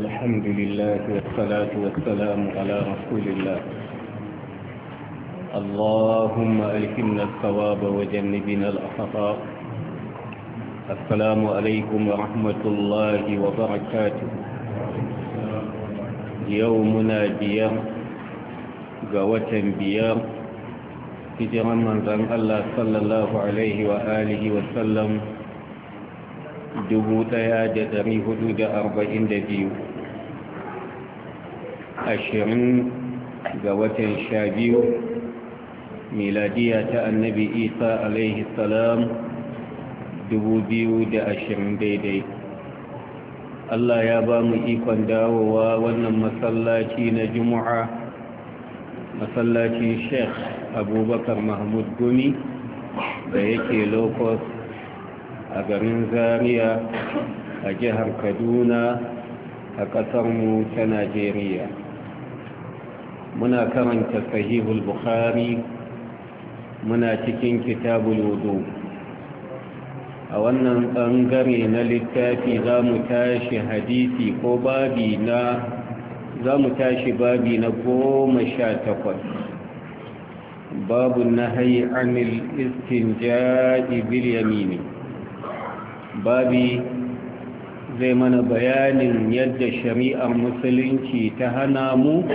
الحمد لله والصلاة والسلام على رسول الله اللهم ألهمنا الثواب وجنبنا الأخطاء السلام عليكم ورحمة الله وبركاته يومنا بيار قوة بيار hijiran manzan Allah sallallahu Alaihi wa alihi wasallam 1442 ashirin ga watan sha biyu miladiya ta annabi isa alaihi salam dubu biyu da ashirin daidai Allah ya ba mu ikon dawowa wannan masallaci na juma'a masallacin sheikh abubakar mahmud gumi da yake lokos a garin zaria a jihar kaduna a ƙasarmu ta najeriya muna karanta sahihul bukhari muna cikin kitabul wudu a wannan bangare na littafi za mu tashi hadisi ko babi na za mu tashi babi na goma sha takwas babu nahayi anil istinja'i bil yamini babi zai mana bayanin yadda shari'ar musulunci ta hana mu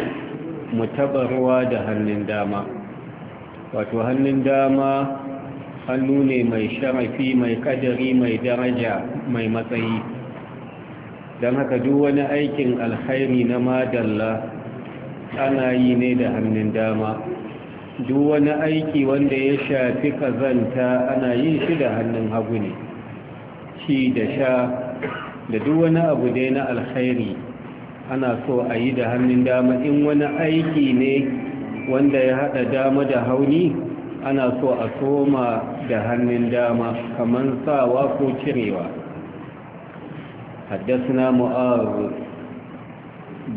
mu taɓa ruwa da hannun dama wato hannun dama hannu ne mai sharafi mai kadari mai daraja mai matsayi don haka duk wani aikin alhairi na madalla ana yi ne da hannun dama duk wani aiki wanda ya shafi kazanta ana yin shi da hannun hagu ne ci da sha da duk wani abu dai na alhairi ana so a yi da hannun dama in wani aiki ne wanda ya hada dama da hauni ana so a soma da hannun dama kamar sawa ko cirewa حدثنا معاذ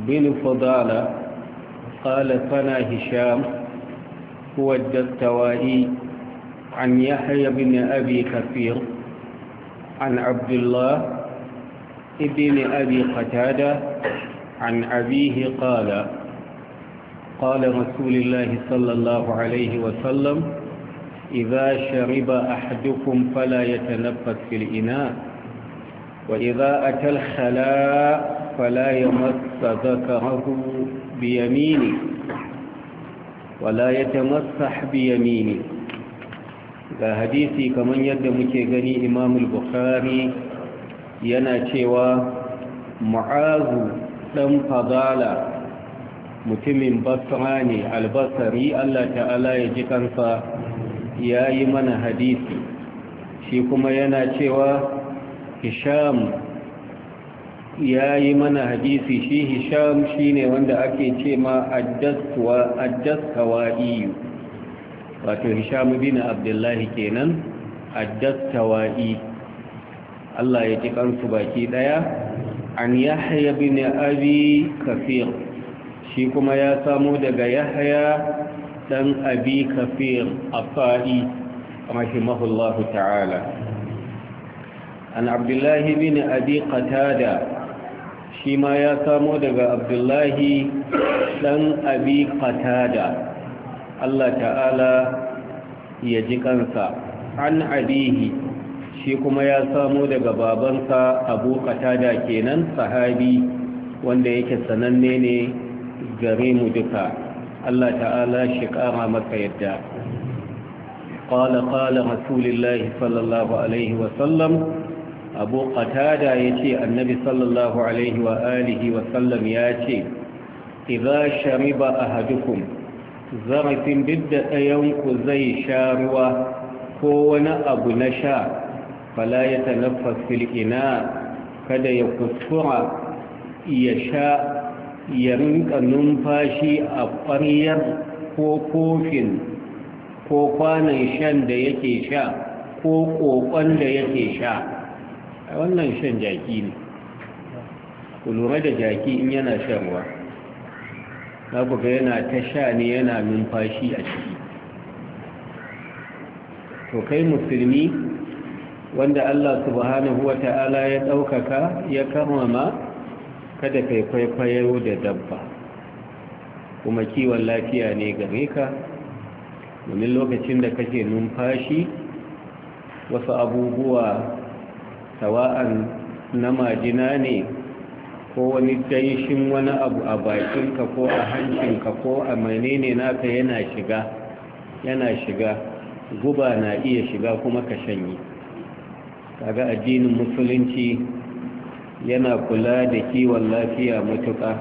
بن فضالة قال فنا هشام هو الدستوائي عن يحيى بن أبي كثير عن عبد الله ابن أبي قتادة عن أبيه قال قال رسول الله صلى الله عليه وسلم إذا شرب أحدكم فلا يتنفس في الإناء وإذا أتى الخلاء فلا يمس ذكره بيمينه ولا يتمسح بيمينه ga hadisi kamar yadda muke gani imamul bukhari yana cewa mu'azu ɗan fadala mutumin basra ne albasari Allah ta'ala ya ji kansa ya yi mana hadisi shi kuma yana cewa hisham ya yi mana hadisi shi hisham shi ne wanda ake ce ma addastawa iyu wato hisham bin abdullahi kenan addastawa Allah ya ji kansu baki ɗaya an yahya bin abi kafir shi kuma ya samu daga yahya dan abi kafir afai rahimahullahu ta'ala an abdullahi bin abi qatada shi ma ya samo daga abdullahi dan abi qatada Allah ta'ala ya ji kansa an abihi shi kuma ya samo daga babansa abu kenan sahabi wanda yake sananne ne gare mu duka Allah ta'ala shi kara maka yadda qala qala rasulullahi sallallahu alaihi wa yace annabi sallallahu alaihi wa alihi wa sallam yace idza shariba ahadukum zarafin bidda ku zai sha ruwa ko wani abu na sha fala ya tanaffas fil ina kada ya kuskura ya sha ya rinka numfashi a ƙwaryar ko kofin ko kwanan shan da yake sha ko ƙoƙon da yake sha wannan shan jaki ne ku lura da jaki in yana shan ruwa za ku ga yana ta sha ne yana numfashi a ciki to kai musulmi wanda Allah subhanahu wa ta'ala ya ɗaukaka ya karmama kada kai kwaikwayo da dabba kuma kiwon lafiya ne gare ka domin lokacin da kake numfashi wasu abubuwa tawa'an na majina ne ko wani danshin wani abu a bakinka ko a hancinka ko a menene naka yana shiga yana shiga guba na iya shiga kuma ka shanye kaga addinin musulunci yana kula da kiwon lafiya matuƙa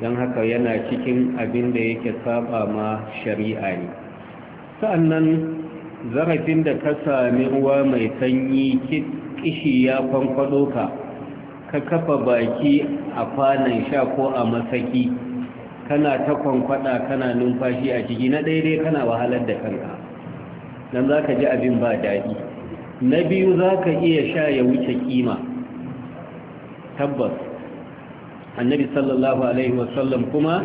don haka yana cikin abin da yake saba ma shari'a ne sa'annan zarafin da ka sami ruwa mai sanyi kishi ya kwankwado ka ka kafa baki a kwanan sha ko a masaki kana ta kwankwada kana numfashi a ciki na daidai kana wahalar da kanka don za ka ji abin ba daɗi na biyu za ka iya sha ya wuce kima tabbas annabi sallallahu alaihi wasallam kuma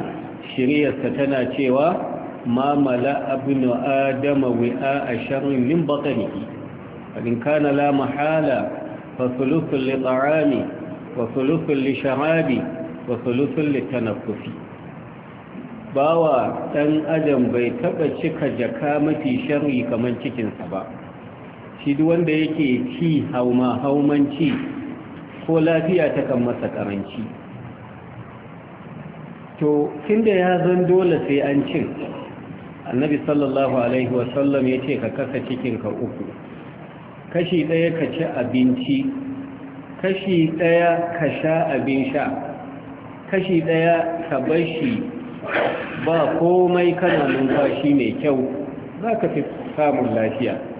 shiriyarsa tana cewa ma mala wa adama wi'a a sharrin min bakariki abin kana la mahala fasulufin li tsarami fasulufin li sharabi fasulufin li bawa ɗan adam bai taɓa cika jaka mafi sharri kamar cikinsa ba shi duk wanda yake ci hauma haumanci ko lafiya ta kan masa karanci to da ya zan dole sai an cin annabi sallallahu alaihi wasallam ya ce ka kasa cikinka uku kashi ɗaya ka ci abinci kashi ɗaya ka sha abin sha kashi ɗaya ka bar shi. ba komai kana numfashi mai kyau za ka fi samun lafiya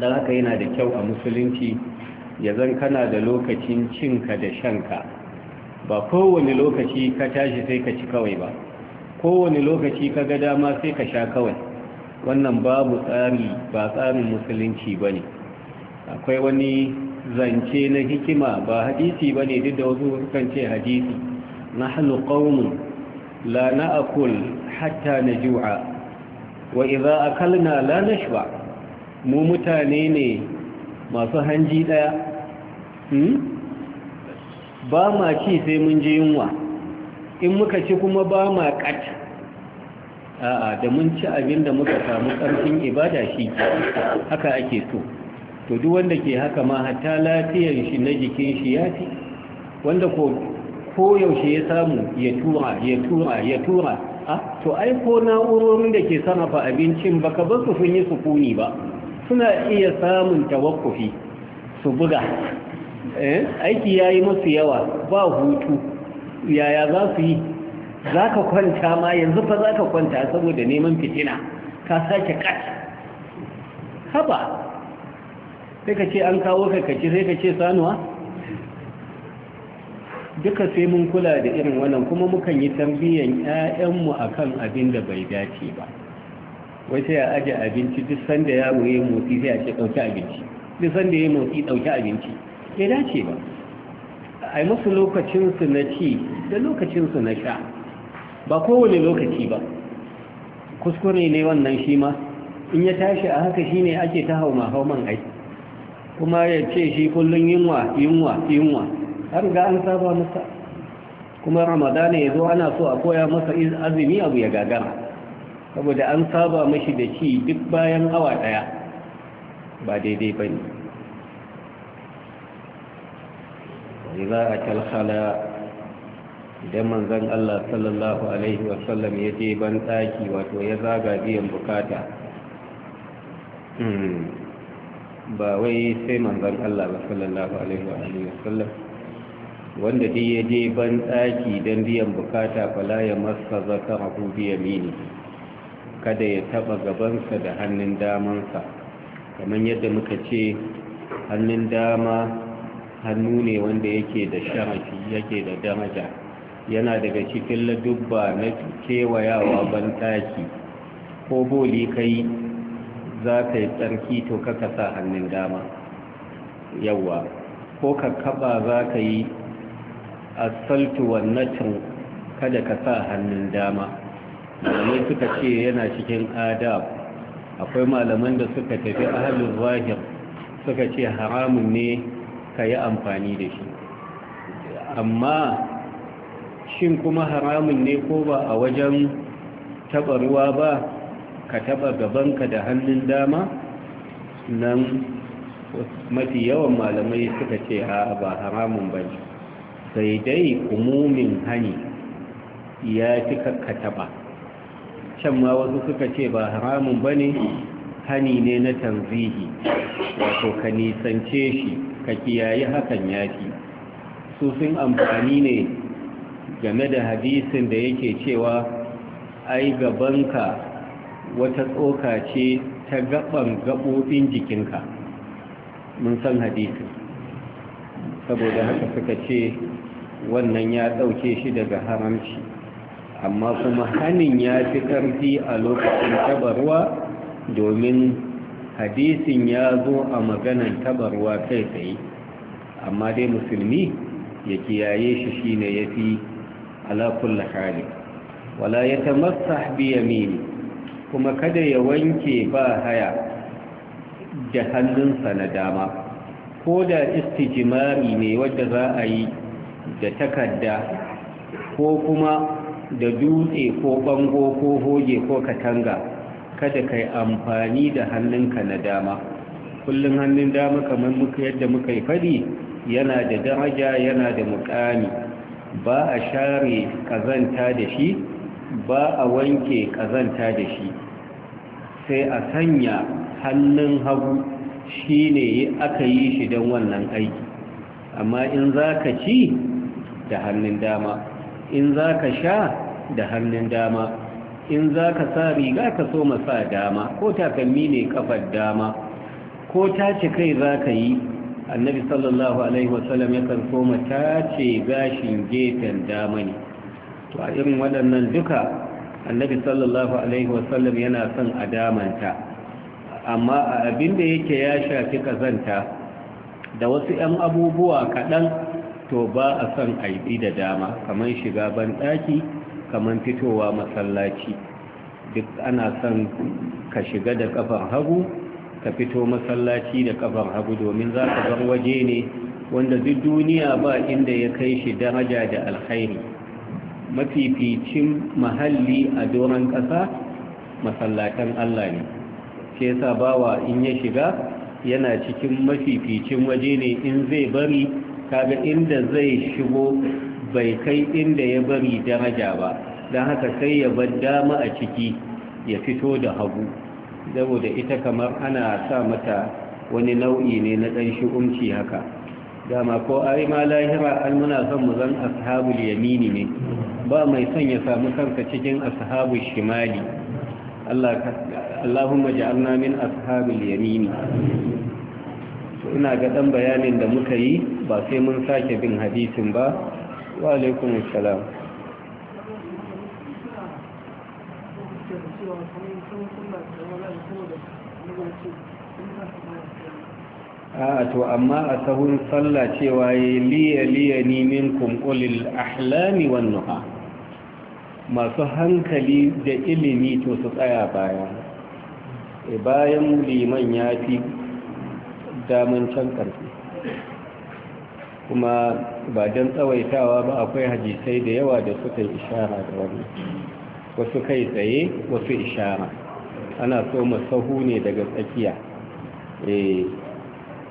da haka yana da kyau a musulunci ya zan kana da lokacin cinka da shanka ba kowane lokaci ka tashi sai ka ci kawai ba kowane lokaci ka ga dama sai ka sha kawai wannan babu tsari ba tsarin musulunci ba ne akwai wani zance na hikima ba hadisi ba ne duk da wasu kan ce hadisi na hannu ƙaunin la na akul hatta na ju'a wa iza akalna la na mu mutane ne masu hanji ɗaya hmm? ba ma ci sai mun ji yunwa in muka ci kuma ba ma ƙat a'a da mun ci abin da muka samu karfin ibada shi haka ake so to duk wanda ke haka ma hatta lafiyar shi na jikin shi ya fi wanda ko yaushe ya samu ya tura ya tura ya tura ah, to ai ko na'urorin da ke sarrafa abincin baka ba su sun yi sukuni ba suna iya samun tawakkufi su buga eh, aiki ya yi masu yawa ba hutu yaya za su yi za ka kwanta ma yanzu fa za ka kwanta saboda neman fitina ka sake kat haba sai ka ce an kawo ka kaci sai ka ce sanuwa duka sai mun kula da irin wannan kuma mukan yi tambiyan 'ya'yanmu akan abin da bai dace ba wai sai a aje abinci duk sanda mu yi motsi sai a ce ɗauki abinci duk sanda ya motsi ɗauki abinci ya dace ba a yi musu lokacinsu na ci da lokacinsu na sha ba kowane lokaci ba kuskure ne wannan shi ma in ya tashi a haka shi ne ake ta mahau hauman ai kuma ya ce shi kullum yunwa yunwa yunwa har ga an saba masa kuma ramadana ya zo ana so a koya masa azumi abu ya gagara saboda an saba mashi da ci duk bayan awa daya ba daidai ba ne wani za a kalhala idan manzan Allah sallallahu Alaihi wasallam ya je ban tsaki wato ya zaga biyan bukata hmm. ba wai sai manzan Allah sallallahu Alaihi wasallam wanda dai ya je ban tsaki don biyan bukata fala ya masa zaka haku biya mini kada ya taba gabansa da hannun damansa kamar yadda muka ce hannun dama hannu ne wanda yake da sharafi yake da daraja yana daga cikin ladubba na kewayawa bantaki ko boli kai za ka yi tsarki to kaka sa hannun dama yawa ko ka kaba za ka yi asaltu wannan kada ka sa hannun dama malamai suka ce yana cikin adab akwai malaman da suka tafi ahalin zahir suka ce haramun ne ka yi amfani da shi amma shin kuma haramun ne ko ba a wajen taba ba ka taba gabanka da hannun dama nan mafi yawan malamai suka ce a ba haramun ba sai dai umumin hani ya fi ka taba can ma wasu suka ce ba haramun ba ne hani ne na tanzihi wato ka nisance shi ka kiyaye hakan yafi su sun amfani ne game da hadisin da yake cewa ai gabanka wata tsoka ce ta gaban gaɓoɓin jikinka mun san hadisin saboda haka suka ce wannan ya ɗauke shi daga haramci amma kuma hannun ya fi ƙarfi a lokacin tabarwa domin hadisin ya zo a maganan tabarwa kai tsaye amma dai musulmi ya kiyaye shi shine ya fi alakulla hali wala ya ta masa biyamini kuma kada ya wanke ba haya da hannunsa na dama ko da istijimari ne wadda za a yi da takarda ko kuma da dutse ko bango ko hoge ko katanga kada ka yi amfani da hannunka na dama kullum hannun dama kamar muka yadda muka yi fadi yana da daraja yana da mukami ba a share kazanta da shi ba a wanke kazanta da shi sai a sanya hannun hagu shi ne aka yi shi don wannan aiki amma in za ka ci da hannun dama in za ka sha da hannun dama in za ka sa riga ka so sa dama ko takalmi ne kafar dama ko tace kai za ka yi annabi sallallahu alaihi wasallam kan so tace gashin gefen dama ne to a irin waɗannan duka annabi sallallahu alaihi wasallam yana son a damanta amma a abin da yake ya shafi kazanta da wasu 'yan abubuwa kaɗan to ba a son aibi da dama kamar shiga banɗaki kamar fitowa masallaci duk ana son ka shiga da kafar hagu ka fito masallaci da kafar hagu domin za ka bar waje ne wanda duk duniya ba inda ya kai shi daraja da alkhairi mafificin mahalli a doron ƙasa masallatan Allah ne ke sa bawa in ya shiga yana cikin mafificin waje ne in zai bari kaga inda zai shigo bai kai inda ya bari daraja ba don haka sai ya bar dama a ciki ya fito da hagu saboda ita kamar ana sa mata wani nau'i ne na ɗan shi'umci haka dama ko ai ma lahira an muna son mu zan ashabul yamini ne ba mai son ya samu kanka cikin ashabul shimali Allahumma ja'alna min ashabil yamini ina ga ɗan bayanin da muka yi ba sai mun sake bin hadisin ba wa alaikum salam a to amma a sahun sallah cewa ya liya liya nimin kumkulil ahlami masu hankali da ilimi to su tsaya baya eh, bayan liman ya fi damun can ƙarfi kuma ba don tsawaitawa ba akwai hajjisai da yawa da suka ishara da wani wasu kai tsaye wasu ishara ana so masahu ne daga tsakiya eh,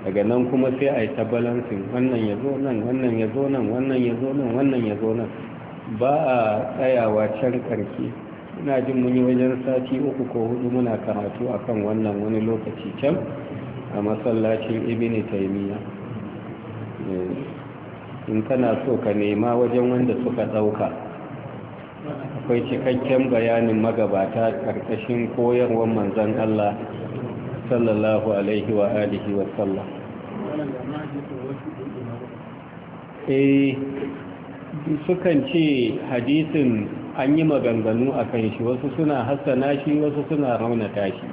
daga nan kuma sai a yi ta wannan ya zo nan wannan ya zo nan wannan ya zo nan wannan ya zo nan ba a tsayawa can ƙarfi ina jin mun wajen sati uku ko hudu muna karatu akan wannan wani lokaci can a masallacin ibini taimiya eh, in kana so ka nema wajen wanda suka ɗauka akwai cikakken bayanin magabata ƙarƙashin koyarwar manzan Allah sallallahu alaihi wa alihi wa sallam eh sukan ce hadisin an yi maganganu a kan shi wasu suna hassana shi wasu suna raunata shi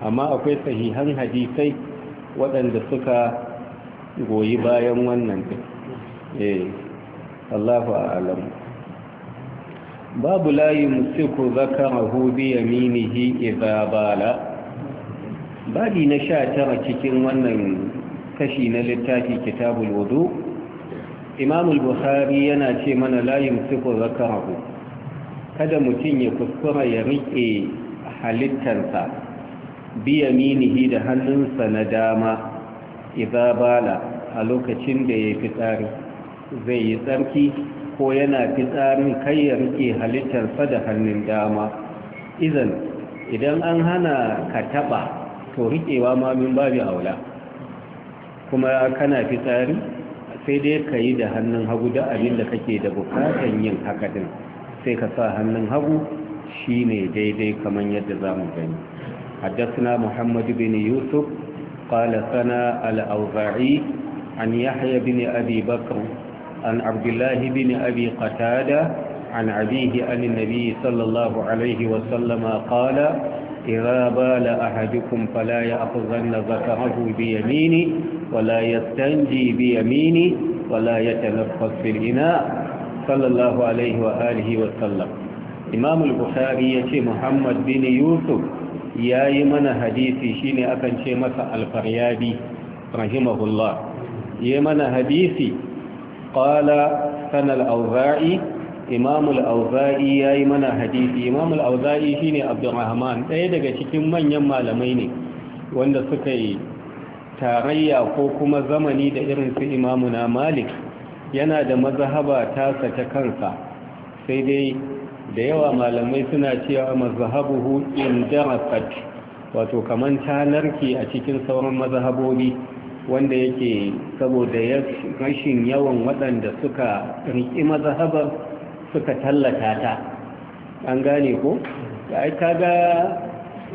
amma akwai sahihan hadisai waɗanda suka goyi bayan wannan ɗin eh Allahu a'lam babu layi musiku zakarahu bi yaminihi idza bala Baɗi na sha tara cikin wannan kashi na littafi kitabul wudu imamul Buhari yana ce mana layin sifo zakarahu kada mutum ya kuskura ya riƙe halittarsa biyaminihi da hannunsa na dama idza bala a lokacin da ya tsari zai yi tsarki ko yana fitsarin kai ya rike halittarsa da hannun dama izan idan an hana ka taba to riƙewa ma min babu aula kuma kana fitsari sai dai ka yi da hannun hagu da abin da kake da bukatan yin haka din sai ka sa hannun hagu shine daidai kamar yadda za mu gani حدثنا محمد بن يوسف قال ثنا الأوزاعي عن يحيى بن أبي بكر عن عبد الله بن أبي قتادة عن أبيه عن النبي صلى الله عليه وسلم قال إذا بال أحدكم فلا يأخذن ذكره بيمينه ولا يستنجي بيمينه ولا يتنفس في الإناء صلى الله عليه وآله وسلم إمام البخاري محمد بن يوسف ya yi mana hadisi shine akan ce masa alfaryabi rahimahullah ya mana hadisi ƙwala sanal auzai Imamul auzai ya yi mana hadisi Imamul auza'i auzai shine abdurrahman ɗaya daga cikin manyan malamai ne wanda suka yi tarayya ko kuma zamani da irin su imamuna malik yana da mazhaba tasa ta kansa sai dai da yawa malamai suna cewa mazhabuhu indarafat wato kaman tanarki a cikin sauran mazhabobi wanda yake saboda rashin yawan waɗanda suka riƙi mazhabar suka tallata ta an gane ko ai kaga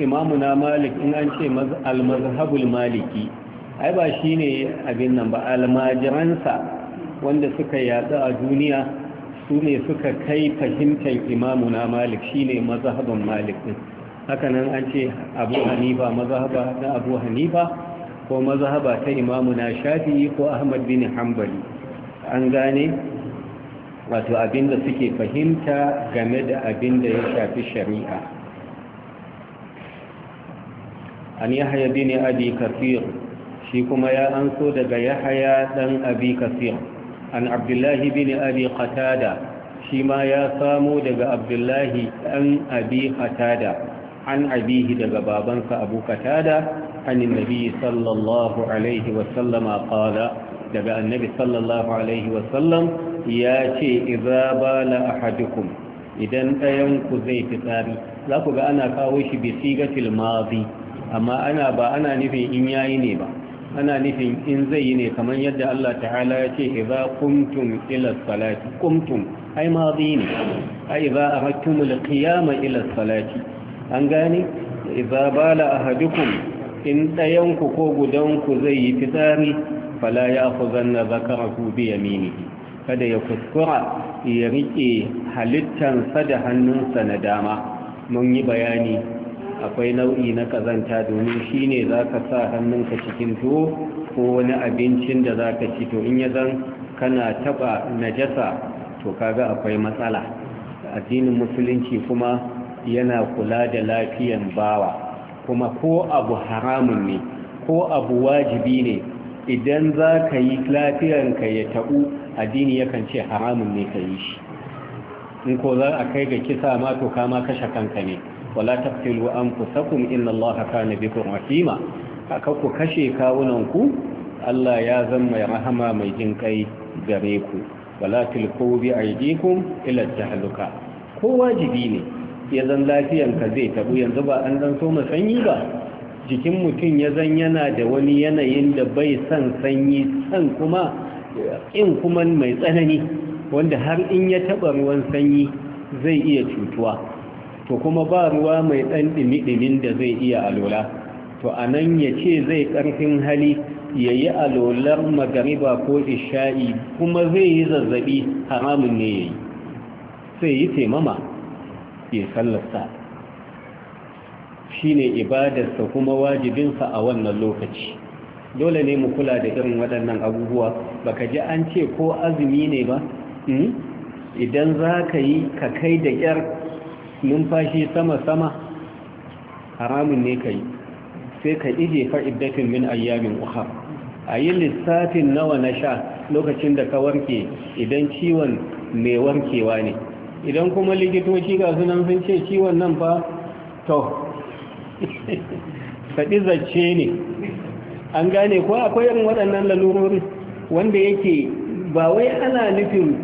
imamu na malik in an ce al-mazhabul maliki ai ba shine abin nan ba almajiransa wanda suka yatsu a duniya su ne suka kai fahimtar imamuna malik shine mazhaban malik din hakanan an ce abu hanifa mazhaba na abu hanifa ko mazhaba ta imamuna shafi'i ko ahmad bin hanbali an gane wato abinda suke fahimta game da abinda ya shafi shari'a an yahaya bin abi kafir shi kuma ya anso daga yahaya dan abi kafir an abdullahi bin abi qatada shi ma ya samo daga abdullahi an abi qatada an abihi daga babansa abu qatada an annabi sallallahu alaihi wa sallama qala daga annabi sallallahu alaihi wa sallam ya ce idza bala ahadukum idan ɗayan ku zai fitsari za ku ga ana kawo shi bisigatil madi amma ana ba ana nufin in yayi ne ba ana nufin in zai yi ne kamar yadda Allah ta'ala ya ce idza qumtum ila salati qumtum ai madi ne ai idza araktum alqiyama ila salati an gane idza bala ahadukum in ɗayanku ko gudanku zai yi fitsari fala ya'khuzanna zakarahu bi yamini. kada ya kuskura ya rike halittansa da hannunsa na dama mun yi bayani akwai nau'i na kazanta domin shi ne za ka sa hannunka cikin tuwo ko wani abincin da za ka ci to in ya zan kana taɓa najasa to kaga akwai matsala addinin musulunci kuma yana kula da lafiyan bawa kuma ko abu haramun ne ko abu wajibi ne idan za ka yi ka ya tabu addini yakan ce haramun ne ka yi shi in ko za a kai ga kisa ma to kama kashe kanka ne wala taqtulu anfusakum inna allaha kana bikum rahima haka ku kashe kawunan ku Allah ya zan mai rahama mai jin kai gare ku wala tilqu bi aydikum ila tahluka ko wajibi ne ya zan lafiyanka zai tabu yanzu ba an dan so sanyi ba jikin mutum ya zan yana da wani yanayin da bai san sanyi san kuma in kuma mai tsanani wanda har in ya taba ruwan sanyi zai iya cutuwa to kuma ba ruwa mai ɗan ɗimi-ɗimin da zai iya alola to a nan ya ce zai ƙarfin hali ya yi alolar magariba ko isha'i kuma zai yi zazzabi haramun ne ya yi sai yi taimama ya sallarsa shi ne ibadarsa kuma wajibinsa a wannan lokaci dole ne mu kula da irin waɗannan abubuwa baka ji an ce ko azumi ne ba hmm? idan za ka yi ka kai da ƙyar numfashi sama-sama haramun ne kai sai ka ije fa'iddatin min ayyamin uha a yi lissafin nawa na sha lokacin da ka warke idan ciwon mai warkewa ne idan kuma likitoci ga sunan sun ce ciwon nan fa to faɗi zace ne an gane ko akwai irin waɗannan lalurori wanda yake ba wai ana nufin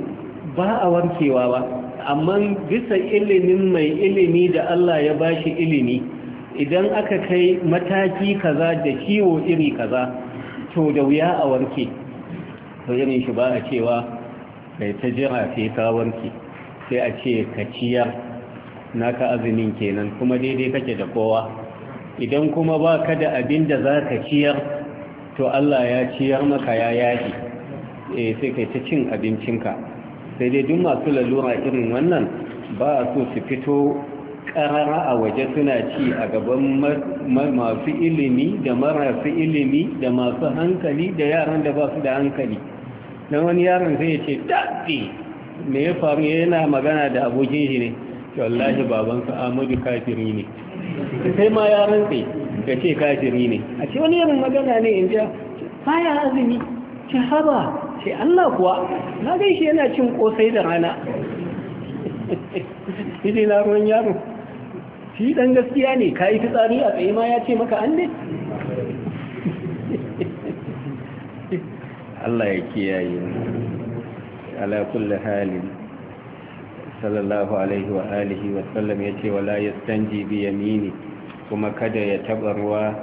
ba a warkewa ba amma bisa ilimin mai ilimi da Allah ya ba shi ilimi idan aka kai mataki kaza da ciwo iri kaza to da wuya a warke to yanin shi ba a cewa kai ta jira sai ka warke sai a ce ka ciyar naka azumin kenan kuma daidai kake da kowa idan kuma ba ka da abin da za ka ciyar to Allah ya ciyar maka ya yaki eh, sai kai ta cin abincinka sai dai duk masu lalura irin wannan ba so su fito karara a waje suna ci a gaban masu ilimi da marasu ilimi da masu hankali da yaran da ba su da hankali don wani yaron sai ce daɗi me ya faru yana magana da abokin shi ne wallahi babansa amadu kafiri ne sai ma yaran sai ka ce kafiri ne a ce wani yaran magana ne in ja baya azumi haba sai Allah kuwa na gai shi yana cin kosai da rana idai na ruwan yaro shi dan gaskiya ne ka yi fitsari a tsaye ma ya ce maka an ne Allah ya kiyaye ala kulli halin sallallahu alaihi wa alihi wa sallam yace wala yastanji bi yamini kuma kada ya taba ruwa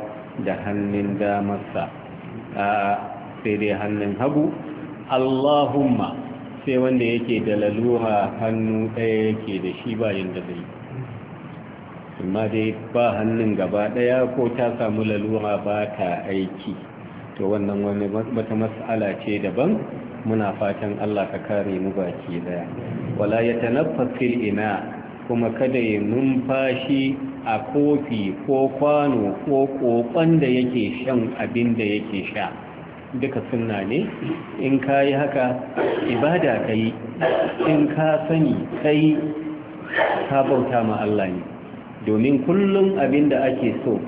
da hannun damarsa a sai dai hannun hagu Allahumma sai wanda yake da lalura hannu ɗaya yake da shi bayan da zai amma dai ba hannun gaba ɗaya ko ta samu lalura ba ta aiki to wannan wani mata mas'ala ce daban muna fatan Allah ka kare mu baki daya wala ta fil ina kuma kada ya numfashi a kofi ko kwano ko kokon da yake shan abin da yake sha duka suna ne in ka yi haka ibada ka yi in ka sani ka yi ka bauta ma Allah ne domin kullum abin da ake so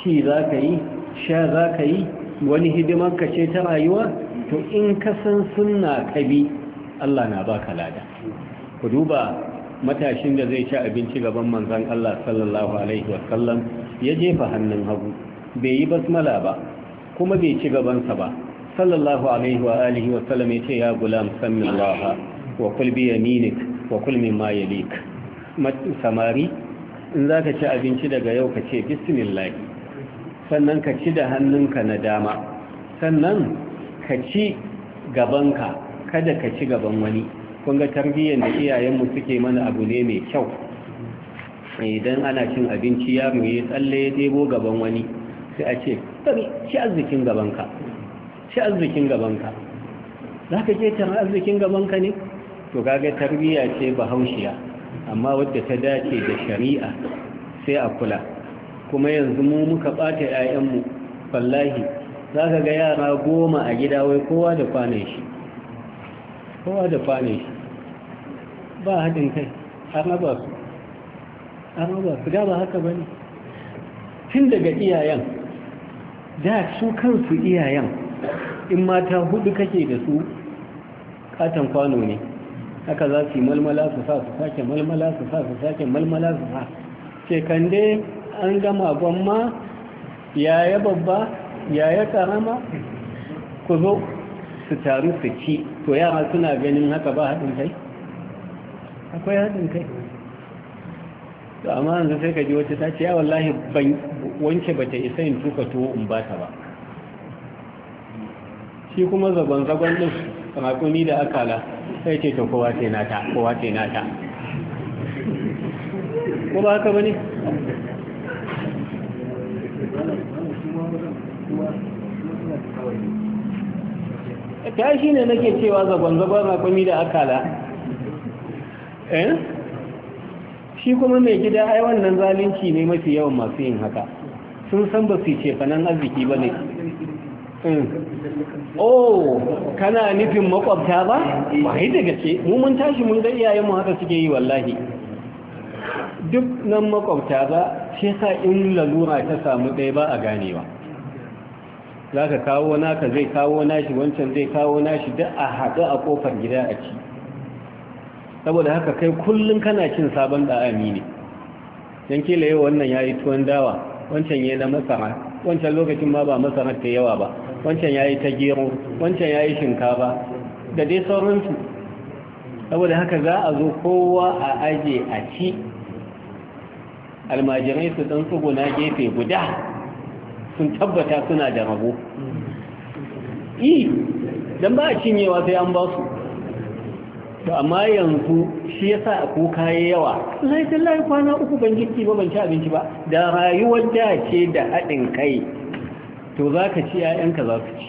Shi za ka yi sha za ka yi wani hidimar ka ce ta rayuwa to in ka san suna ka bi Allah na ba ka lada ku duba matashin da zai ci abinci gaban manzan Allah sallallahu Alaihi wasallam ya jefa hannun hagu bai yi basmala ba kuma bai ci gabansa ba sallallahu alaihi wa alihi wa sallam yace ya gulam samillaha wa kul bi yaminik wa kul mimma yalik samari in zaka ci abinci daga yau kace ce bismillah sannan ka ci da hannunka na dama sannan ka ci gabanka kada ka ci gaban wani kun ga tarbiyyar da iyayenmu suke mana abu ne mai kyau idan ana cin abinci yaro ya tsalle ya debo gaban wani sai a ce shi arzikin gabanka shi arzikin gabanka za ka je can arzikin gabanka ne to kaga tarbiyya ce bahaushiya amma wadda ta dace da shari'a sai a kula kuma yanzu mu muka bata 'ya'yanmu wallahi za ka ga yara goma a gida wai kowa da kwanan shi kowa da kwanan shi ba haɗin kai an raba su an raba su ga ba haka ba ne tun daga iyayen da su kansu iyayen in mata hudu kake da su katon kwano ne haka za su yi malmala su sa su sake malmala su sa su sake malmala su sa shekan dai an gama gwamma yaya babba yaya karama ku zo su taru su ci to yara suna ganin haka ba haɗin kai akwai haɗin kai to amma yanzu sai ka ji wata ta ce ya wallahi ban wanke bata isa in tuka tuwo in ba ta ba shi kuma zagon zagon din rakuni da akala sai ce to kowa sai nata kowa sai nata ko ba haka bane ta shi ne nake cewa zagon zagon rakuni da akala eh shi kuma mai gida ai wannan zalunci ne mafi yawan masu yin haka sun san ba su ce fanan arziki ba ne hmm. oh kana nufin makwabta ba ba yi da mu mun tashi mun ga iyayenmu haka suke yi wallahi duk nan makwabta ba shi sa in lalura ta samu ɗaya ba a ganewa za ka kawo naka zai kawo nashi wancan zai kawo nashi duk a haɗu a ƙofar gida a ci saboda haka kai kullum kana cin sabon da'ami ne don kila yau wannan ya yi tuwon dawa wancan ya na masara wancan lokacin ma ba masarar ta yawa ba wancan ya yi ta gero wancan ya yi shinkafa da dai sauransu saboda haka za a zo kowa a aje a ci almajirai su ɗan na gefe guda sun tabbata suna da rabo i don ba a cinyewa sai an ba su to amma yanzu shi yasa a kuka yayi yawa lai kwana uku ban gitti ba ban ci abinci ba da rayuwar da ce da haɗin kai to za ka ci ‘ya'yanka za su ci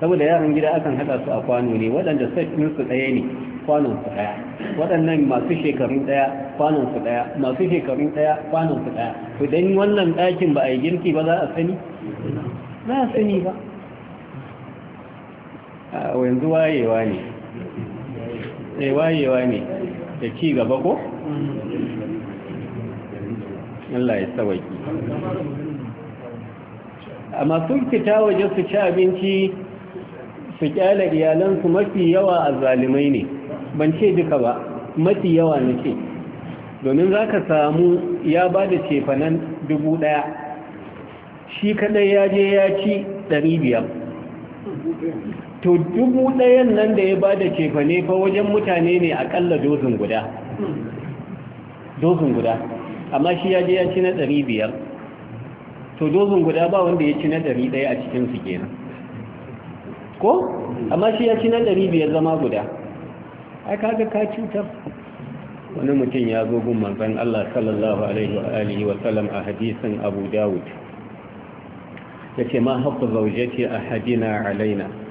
saboda yaran gida akan haɗa su a kwano ne waɗanda su ɗaya ne kwanon su ɗaya waɗannan masu shekarun ɗaya kwanon su ɗaya masu shekarun ɗaya kwanon su ɗaya to dan wannan ɗakin ba a yi girki ba za a sani za a sani ba a yanzu wayewa ne sai eh, wayewa ne da ci gaba ko Allah ya tsawaki amma masu fita waje su ci abinci su kyale iyalansu mafi yawa a zalimai ne ban ce duka ba mafi yawa na ce domin za ka samu ya ba da cefanen dubu ɗaya. shi kadai ya je ya ci ɗari biyar to dubu ɗayan nan da ya ba da cefane fa wajen mutane ne aƙalla dozin guda dozin guda amma shi ya je ya ci na ɗari biyar to dozin guda ba wanda ya ci na ɗari ɗaya a cikin kenan ko amma shi ya ci na ɗari biyar zama guda ai kaga ka cutar wani mutum ya zo gun manzan Allah sallallahu alaihi wa alihi wa sallam a hadisin Abu Dawud yace ma hafza zawjati ahadina alaina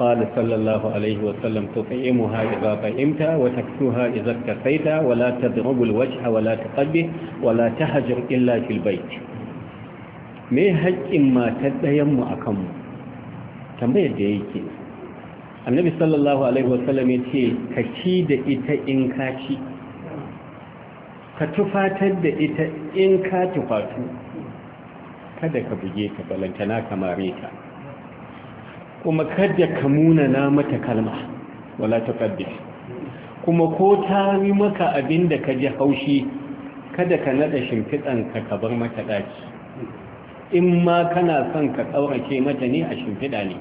قال صلى الله عليه وسلم تطعمها إذا طعمت وتكسوها إذا اكتفيت ولا تضرب الوجه ولا تقبه ولا تهجر إلا في البيت me haƙƙin matar ɗayanmu a kanmu tambayar da yake annabi sallallahu alaihi wasallam ya ce ka ci da ita in ka ci ka tufatar da ita in ka tufatu kada ka buge ta kuma kada ka munana mata kalma wala taqaddis kuma ko ta yi maka abin da ka ji haushi kada ka nada shimfidan ka bar mata daki in ma kana son ka kaurace mata ne a shimfiɗa ne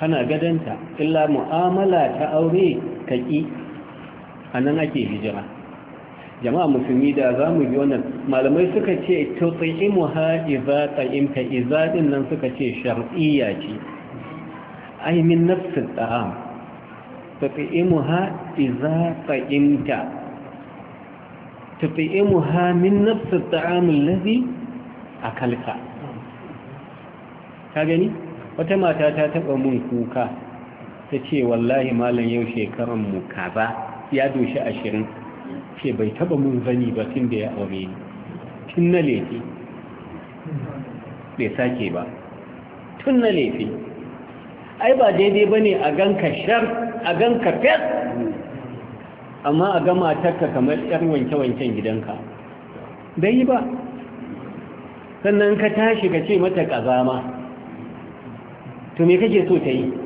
kana gadanta illa mu'amala ta aure ka ki a ake hijira jama'a musulmi da za mu yi wannan malamai suka ce tautsi'imu ha izata ta'imta iza izadin nan suka ce shar'iyya ce ai min nafsin ta'am tautsi'imu ha iza ta'imta tautsi'imu ha min nafsin ta'am lazi a kalka ka gani wata mata ta taba mun kuka ta ce wallahi malam yau shekaranmu kaza ya doshi ashirin ce bai taba mun zani ba tun da ya aure ni tun na laifi bai sake ba tun na laifi ai ba daidai ba ne a ganka shar a ganka fes amma a gama takka kamar yar wanke-wanken gidanka dai ba sannan ka tashi ka ce mata ƙazama to me kake so ta yi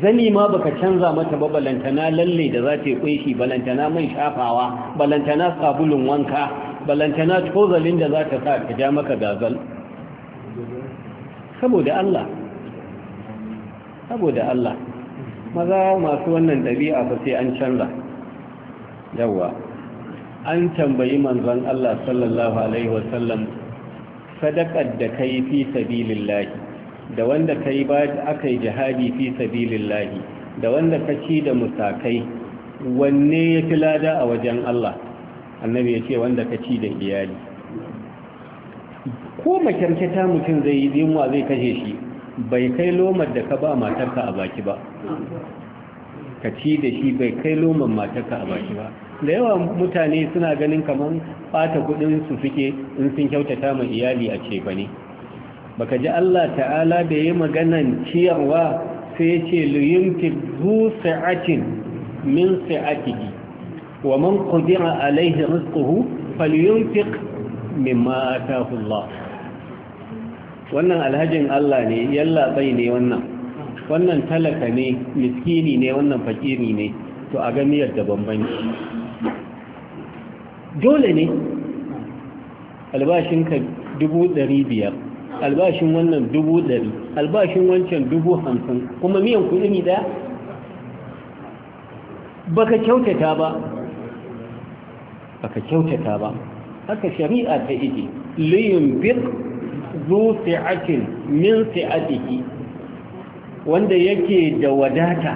zani ma baka canza mata ba balantana lalle da za ta yi kunshi balantana man shafawa balantana sabulun wanka balantana tozalin da za ta sa ta ja maka gazal saboda Allah saboda Allah maza masu wannan ɗabi'a ba sai an canza yawa an tambayi manzon Allah sallallahu alaihi wasallam sadaqar da kai fi sabilillahi da wanda ka yi aka yi jihadi fi sabilillahi da wanda ka ci da musakai wanne ya fi lada a wajen Allah annabi ya ce wanda ka ci da iyali ko makyarkyata mutum zai yi zimuwa zai kashe shi bai kai lomar da ka ba matarka a baki ba ka ci da shi bai kai loman matarka a baki ba da yawa mutane suna ganin kamar bata kudin su suke in sun kyautata ma iyali a ce ba ne baka ji Allah ta'ala da ya maganan ciyarwa sai ya ce liyumti zu sa'atin min sa'atihi wa man qadira alaihi rizquhu falyunfiq mimma ataahu Allah wannan alhajin Allah ne yalla bai ne wannan wannan talaka ne miskini ne wannan fakiri ne to a ga miyar da bambanci dole ne albashinka dubu ɗari biyar albashin wannan dubu ɗari albashin wancan dubu hamsin kuma miyan kuɗi ne ɗaya ka kyautata ba ba ka kyautata ba haka shari'a ta iji liyin bir zo fi'akin min si'atihi wanda yake da wadata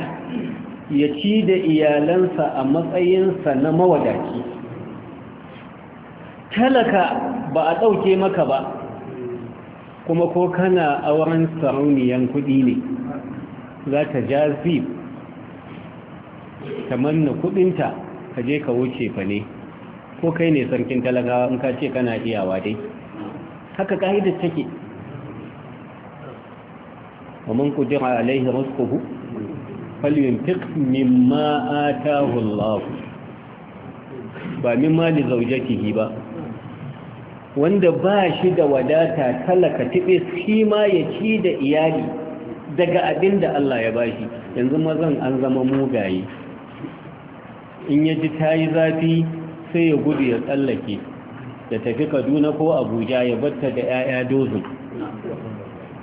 ya ci da iyalansa a matsayinsa na mawadaki. talaka ba a ɗauke maka ba kuma ko kana auren sarauniyan kuɗi ne za ta ja ta manna kuɗinta ka je ka wuce fa ne ko kai ne sarkin talagawa, in ka ce kana iyawa dai haka ka'idar take ومن قدر عليه رزقه فلينفق مما آتاه الله ba min mali ba wanda ba shi da wadata talaka tibe shi ma ya ci da iyali daga abin da Allah ya bashi yanzu mazan an zama mugaye in ya ji ta yi zafi sai ya gudu ya tsallake da tafi kaduna ko abuja ya batta da 'ya'ya dozin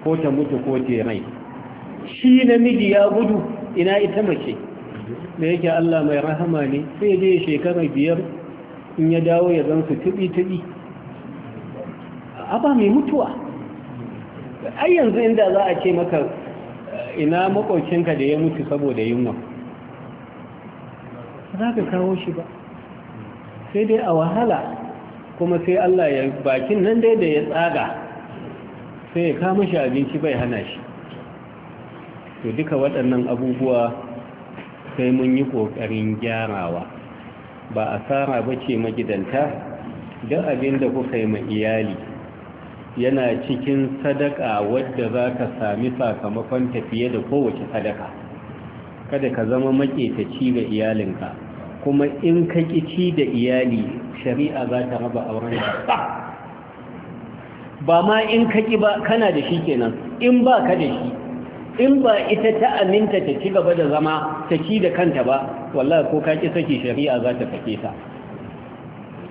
ko ta mutu ko ce rai shi namiji ya gudu ina ita mace da yake Allah mai rahama ne sai dai shekara biyar in ya dawo ya zan su tubi aba mai mutuwa ai yanzu inda za a ce maka ina makocinka da ya mutu saboda yunwa za ka kawo shi ba sai dai a wahala kuma sai Allah ya bakin nan dai da ya tsaga sai ya kama shi abinci bai hana shi to duka waɗannan abubuwa sai mun yi ƙoƙarin gyarawa ba a tsara ba ce magidanta don abin da kuka yi ma iyali yana cikin sadaka wadda za ka sami sakamakon tafiye da kowace sadaka kada ka zama maƙetaci ga iyalinka kuma in ka ƙici da iyali shari'a za ta raba auren ba ma in ka ƙi ba kana da shi kenan in ba ka da shi in ba ita ta aminta ta ci gaba da zama ta ci da kanta ba wallahi ko ka ƙi saki shari'a za ta fake ta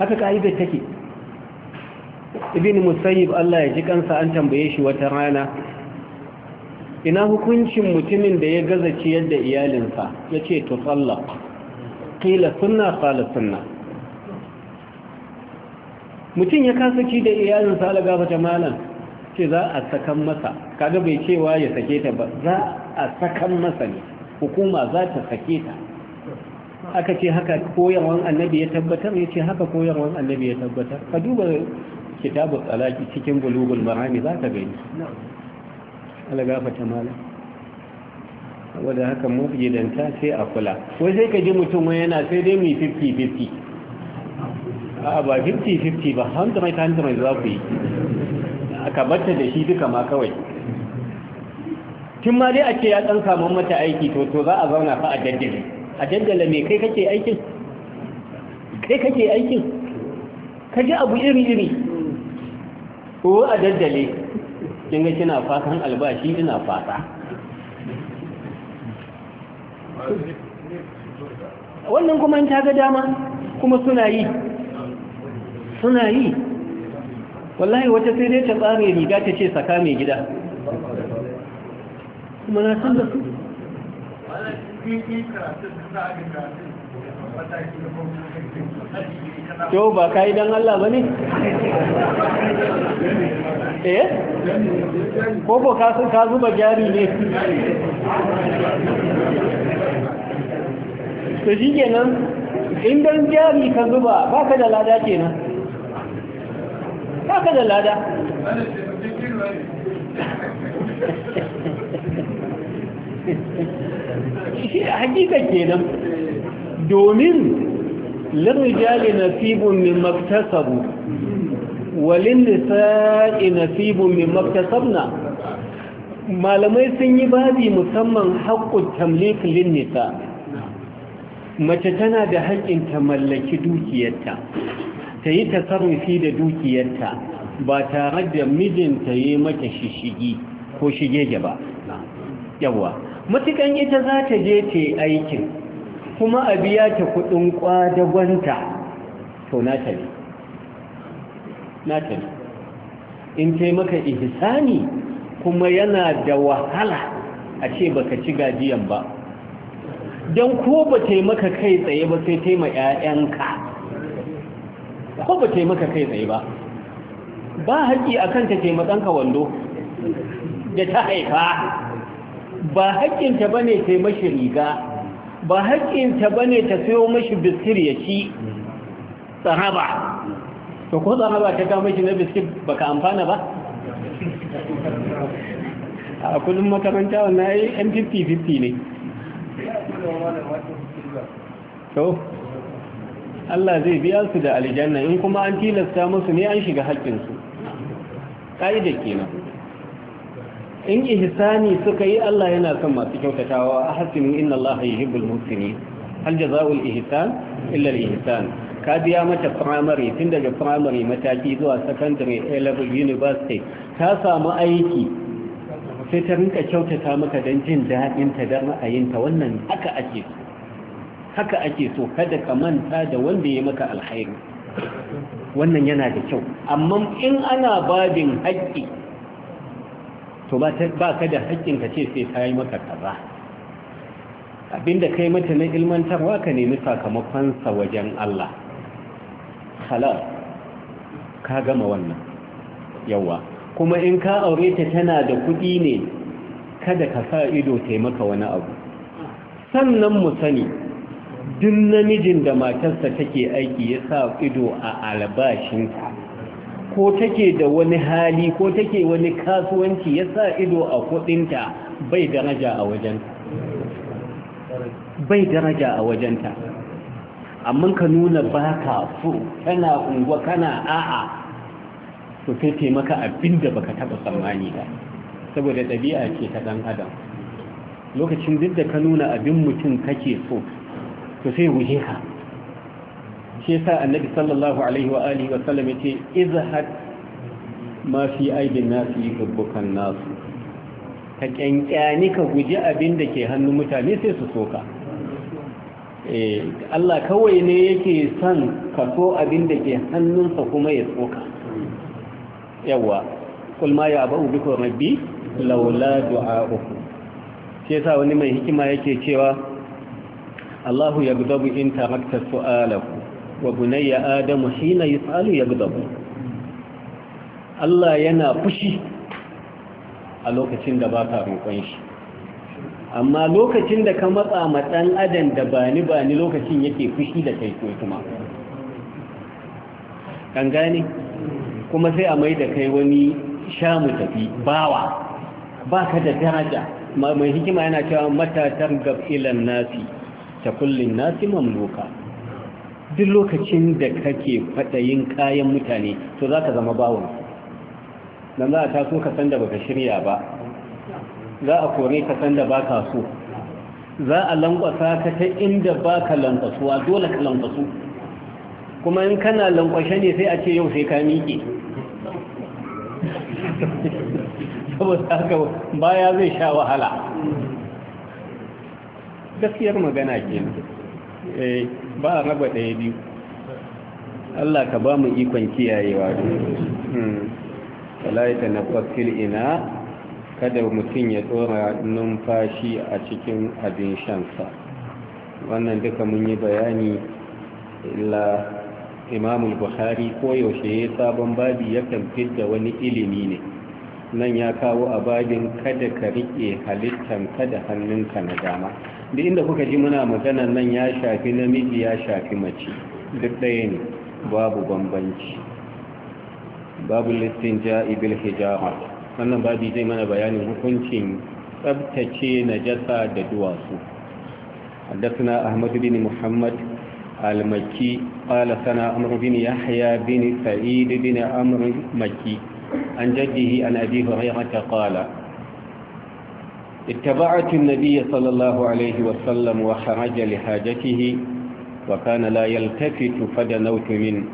haka ka'idar take ibn musayyib Allah ya ji kansa an tambaye shi wata rana ina hukuncin mutumin da ya gaza ciyar da iyalinsa yace to tsallaq qila sunna qala sunna mutum ya kasa ci da iyalinsa ala ta malam ce za a sakan masa kaga bai cewa ya sake ta ba za a sakan masa ne hukuma za ta sake ta aka ce haka koyarwan annabi ya tabbatar ya ce haka koyarwan annabi ya tabbatar ka duba kitabu tsalaki cikin bulugul marami za ta gani alagafata mala wadda haka mafidanta sai a kula wai sai ka ji mutum wani yana sai dai mai 50-50 a ba 50-50 ba hanta mai ta hanta za ku yi aka batta da shi duka ma kawai tun ma dai a ce ya ɗan samun mata aiki to to za a zauna fa a daddale a daddale mai kai kake aikin kai kake aikin ka ji abu iri-iri ko a daddale kin ga kina fatan albashi ina fata wannan kuma in ta ga dama kuma suna yi suna yi wallahi wata sai dai ta tsare riga ta ce saka mai gida kuma na san da su yau ba ka yi don Allah ba ne? eh? koko kasu ka zuba gyari ne to shi kenan in jari gyari ka zuba ba ka da lada kenan ba ka da lada shi hakika kenan domin للرجال نصيب مما اكتسبوا وللنساء نصيب مما اكتسبنا malamai sun yi babi musamman haƙƙun tamlik linnisa mace tana da haƙƙin ta mallaki dukiyarta ta yi tasarrufi da dukiyarta ba tare da mijinta yi mata shishigi ko shige gaba Yawwa, matukan ita za ta je ta aikin kuma a biya ta kudin kwadagonta to na tare na in ce maka ihsani kuma yana da wahala a ce baka ci gajiyan ba don ko ba ta kai tsaye ba sai ta ma 'ya'yanka ko ba ta maka kai tsaye ba ba haƙi a kanta taimakonka wando da ta haifa ba haƙinta ba ne mashi riga ba haƙƙinta ba ne ta fiyo mashi biskir ya ci tsaraba to ko tsaraba ta ga shi na biskir ba ka amfana ba a kudin makaranta wannan ya yi yan 50-50 ne to Allah zai biya su da aljanna in kuma an tilasta musu ne an shiga haƙƙinsu ƙa'idar kenan in ihsani suka yi Allah yana son masu kyautatawa ahsinu inna Allah yuhibbul muhsinin hal jazaa'ul ihsan illa al ihsan ka biya mata primary tun daga primary mataki zuwa secondary A level university ta samu aiki sai ta rinka kyautata maka don jin daɗin ta da ra'ayinta wannan haka ake so haka ake so kada ka manta da wanda ya maka alhairi wannan yana da kyau amma in ana babin haƙƙi to ba ka da haƙƙin ka ce sai ta yi maka kaza abinda kai mata na ilmantarwa ka nemi sakamakonsa wajen Allah halal ka gama wannan yawa kuma in ka aure ta tana da kuɗi ne kada ka sa ido taimaka wani abu sannan mu sani duk namijin da matarsa take aiki ya sa ido a albashinka ko take da wani hali ko take wani kasuwanci ya sa ido a kudinta bai daraja a wajenta bai daraja a wajenta amma ka nuna baka fu kana unguwa kana a'a to sai ce maka abinda baka taba tsammani ba saboda ɗabi'a ce ta ɗan adam lokacin duk da ka nuna abin mutum kake so to sai wuce ka shi yasa annabi sallallahu alaihi wa alihi wa sallam yace izhad ma fi aidin nasi hubbukan nasu ka kyankyani ka guji abin da ke hannun mutane sai su soka eh Allah kawai ne yake son ka so abin da ke hannunsa kuma ya soka yawa kul ma ya abu bikum rabbi laula du'a'ukum shi sa wani mai hikima yake cewa Allahu ya gudabu in tarakta su'alaku wa bunayya adamu hina yusalu yagdabu Allah yana fushi a lokacin da baka roƙon shi amma lokacin da ka matsa matsan adam da bani bani lokacin yake fushi da kai ko kuma kan gane kuma sai a mai da kai wani sha mu tafi bawa baka da daraja mai hikima yana cewa matatar gab ilan nasi ta kullin nasi mamluka duk lokacin da kake yin kayan mutane to za ka zama bawon don za a taso ka san da baka shirya ba za a kore ka san da baka so za a lankwasa ka ta inda baka lankwasuwa dole ka lankwasu kuma in kana lankwashe ne sai a ce yau sai ka miƙe saboda haka baya zai sha wahala gaskiyar magana kenan eh. ba a raba ɗaya biyu Allah ka ba mu ikon kiyayewa salaita hmm. na fasil ina kada mutum ya tsora numfashi a cikin abin shansa wannan duka mun yi bayani illa imamul buhari koyaushe ya sabon babi yakan fidda wani ilimi ne nan ya kawo a babin kada ka riƙe halittan kada hannunka na dama da inda kuka ji muna magana nan ya shafi namiji ya shafi mace duk ɗaya ne babu bambanci babu listin ja'ibil hijara wannan babu zai mana bayanin hukuncin tsabtace jasa da duwatsu حدثنا أحمد بن محمد المكي قال سنا أمر بن يحيى بن سعيد بن أمر مكي عن جده عن أبي هريرة قال اتبعت النبي صلى الله عليه وسلم وخرج لحاجته وكان لا يلتفت فدنوت منه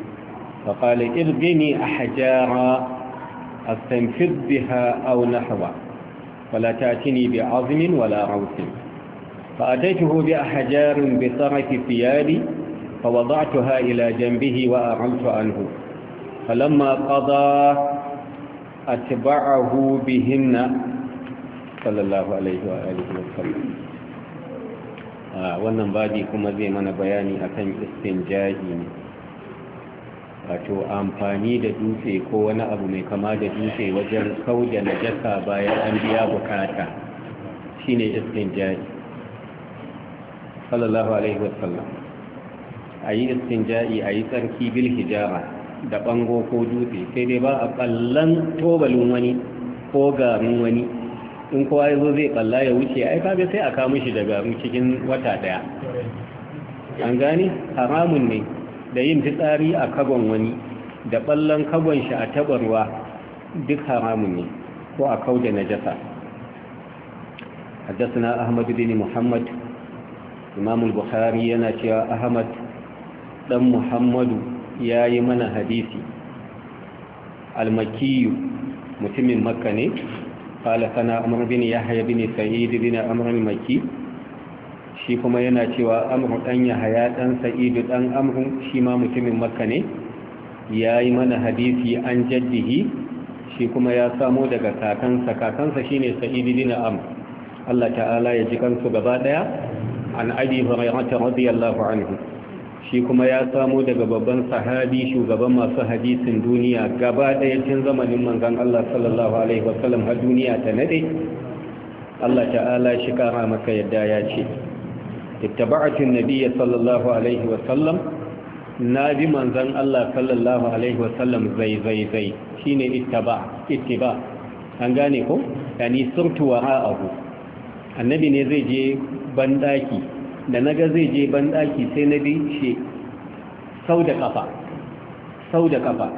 فقال ارقني أحجارا أستنفذ بها أو نحوا فلا تأتني بعظم ولا روس فأتيته بأحجار بطرف ثيابي فوضعتها إلى جنبه وأعلت عنه فلما قضى أتبعه بهن sallallahu alaihi wa alihi wa sallam wannan babi kuma zai mana bayani akan istinjaji ne wato amfani da dutse ko wani abu mai kama da dutse wajen kauda najasa bayan an biya bukata shine istinjaji sallallahu alaihi wa sallam ayi a ayi tsarki bil hijara da bango ko dutse sai dai ba a kallan tobalin wani ko garin wani in kowa ya zo zai kalla ya wuce ai kaga sai a kawo shi daga cikin wata daya an gani haramun ne da yin fitsari a kagon wani da ballan kagon shi a tabarwa duk haramun ne ko a kauda najasa haddathana ahmad bin muhammad imam al-bukhari yana cewa ahmad dan muhammadu yayi mana hadisi al-makki mutumin makka ne قال ثنا أمر بن يحيى بن سعيد بن أمر المكي shi kuma yana cewa amru dan yahaya dan sa'idu dan amru shi ma mutumin makka ne yayi mana hadisi an jaddihi shi kuma ya samo daga kakansa kakansa shine sa'idu bin amr Allah ta'ala ya ji kansu gaba daya an abi hurairah radiyallahu anhu shi kuma ya samo daga babban sahabi shugaban masu hadisin duniya gaba ɗaya tun zamanin manzan Allah sallallahu alaihi wasallam har duniya ta nade Allah ta'ala shi kama maka yadda ya ce ittaba'atun nabiyyi sallallahu alaihi wasallam na bi manzan Allah sallallahu alaihi wasallam zai zai zai shine ittaba ittiba an gane ko yani surtu abu. annabi ne zai je bandaki da na ga zai je banɗaki sai na bi shi sau da ƙafa sau da ƙafa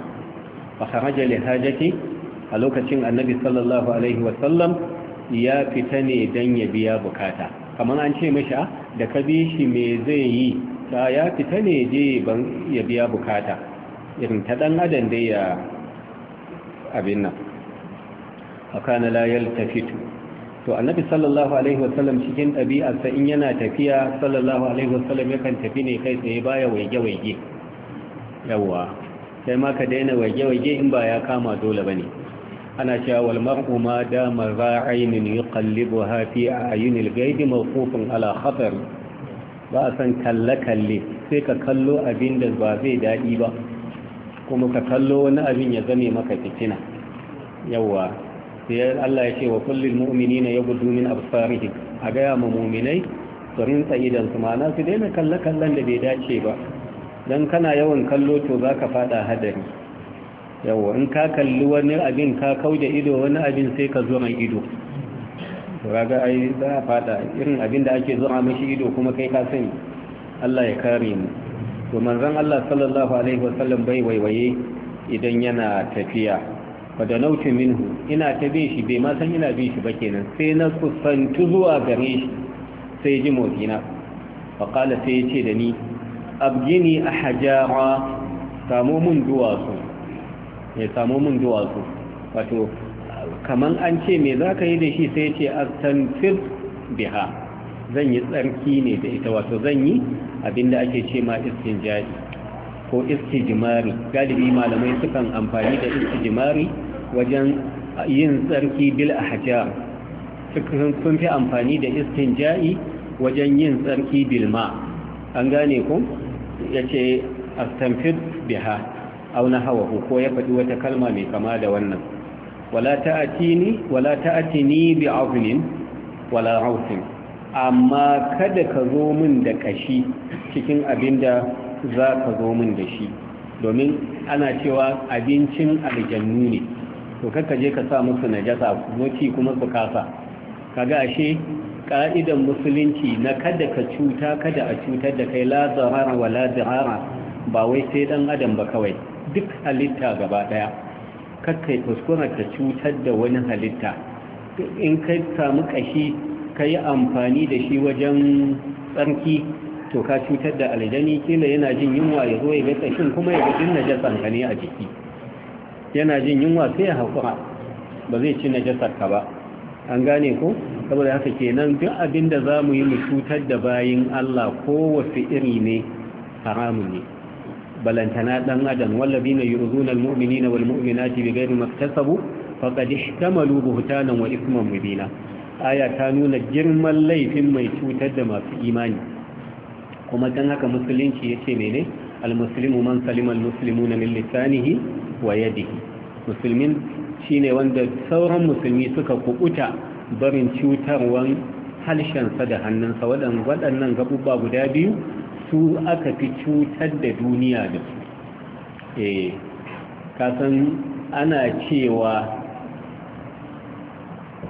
a harajar lihajjaki a lokacin annabi sallallahu alaihi wasallam ya fita ne don ya biya bukata kamar an ce masha ah, da ka bi shi me zai yi ta ya fita ne je ya biya bukata irin ta ɗan adan dai ya abin nan a kana layar fito to annabi sallallahu alaihi wasallam cikin ɗabi'arsa in yana tafiya sallallahu alaihi wasallam yakan tafi ne kai tsaye baya waige-waige Yawwa. sai ma ka daina waige-waige in ba ya kama dole bane ana cewa wal mar'u ma da marra'ainin yuqallibuha fi ayunil ghaibi mawqufun ala khatar ba a san kalle-kalle sai ka kallo abin da ba zai daɗi ba kuma ka kallo wani abin ya zame maka fitina Yawwa. Allah ya ce wa kullum mu'minina ya gudu min absarihi a gaya ma mu'minai su rinsa idan su mana su daina kalle kallen da bai dace ba don kana yawan kallo to za ka fada hadari yawo in ka kalli wani abin ka kauda ido wani abin sai ka zo mai ido raga ai za a fada irin abin da ake zuwa mashi ido kuma kai ka sani Allah ya kare mu to manzon Allah sallallahu alaihi wasallam bai waiwaye idan yana tafiya Bada nauce minhu ina ta bin shi bai ma san ina bin shi ba kenan sai na kusantu zuwa gare shi sai ji motsina kala sai ya ce da ni abgini a hajjara samu mun duwatsu ya samu mun duwatsu wato kaman an ce me za ka yi da shi sai ce astantir biha zan yi tsarki ne da ita wato zan yi abinda ake ce ma jari ko istijimari galibi malamai sukan amfani da istijimari wajen yin tsarki bil ahjar sun fi amfani da istinja'i wajen yin tsarki bil ma an gane ku yace astanfid biha aw nahawahu ko ya faɗi wata kalma mai kama da wannan wala ta'atini wala ta'atini bi aflin wala ausin amma kada ka zo min da kashi cikin abinda za ka zo min da shi domin ana cewa abincin aljannu ne to kaka je ka sa musu najasa zoci kuma su kasa kaga ashe ka'idan musulunci na kada ka cuta kada a cutar da kai la zarara wa la ba wai sai dan adam ba kawai duk halitta gaba daya kakkai kuskura ka cutar da wani halitta in kai samu kashi ka yi amfani da shi wajen tsarki to ka cutar da aljani kila yana jin yunwa ya zo ya ga kashin kuma ya ga na najasan ka a jiki yana jin yunwa sai ya haƙura. ba zai ci najasar ka ba an gane ko saboda haka kenan duk abin da za mu yi mu cutar da bayan Allah kowace iri ne haramun ne balantana dan adam wallazina yu'zuna almu'minina walmu'minati bighairi maktasabu faqad ihtamalu buhtanan wa ithman mubina aya ta nuna girman laifin mai cutar da masu imani kuma dan haka musulunci yace mene almuslimu man salima almuslimuna min lisanihi wa yadihi musulmin shine wanda sauran musulmi suka kukuta barin cutarwan halshensa da hannunsa waɗannan gaɓuɓɓa guda biyu su aka fi cutar da duniya da su eh kasan ana cewa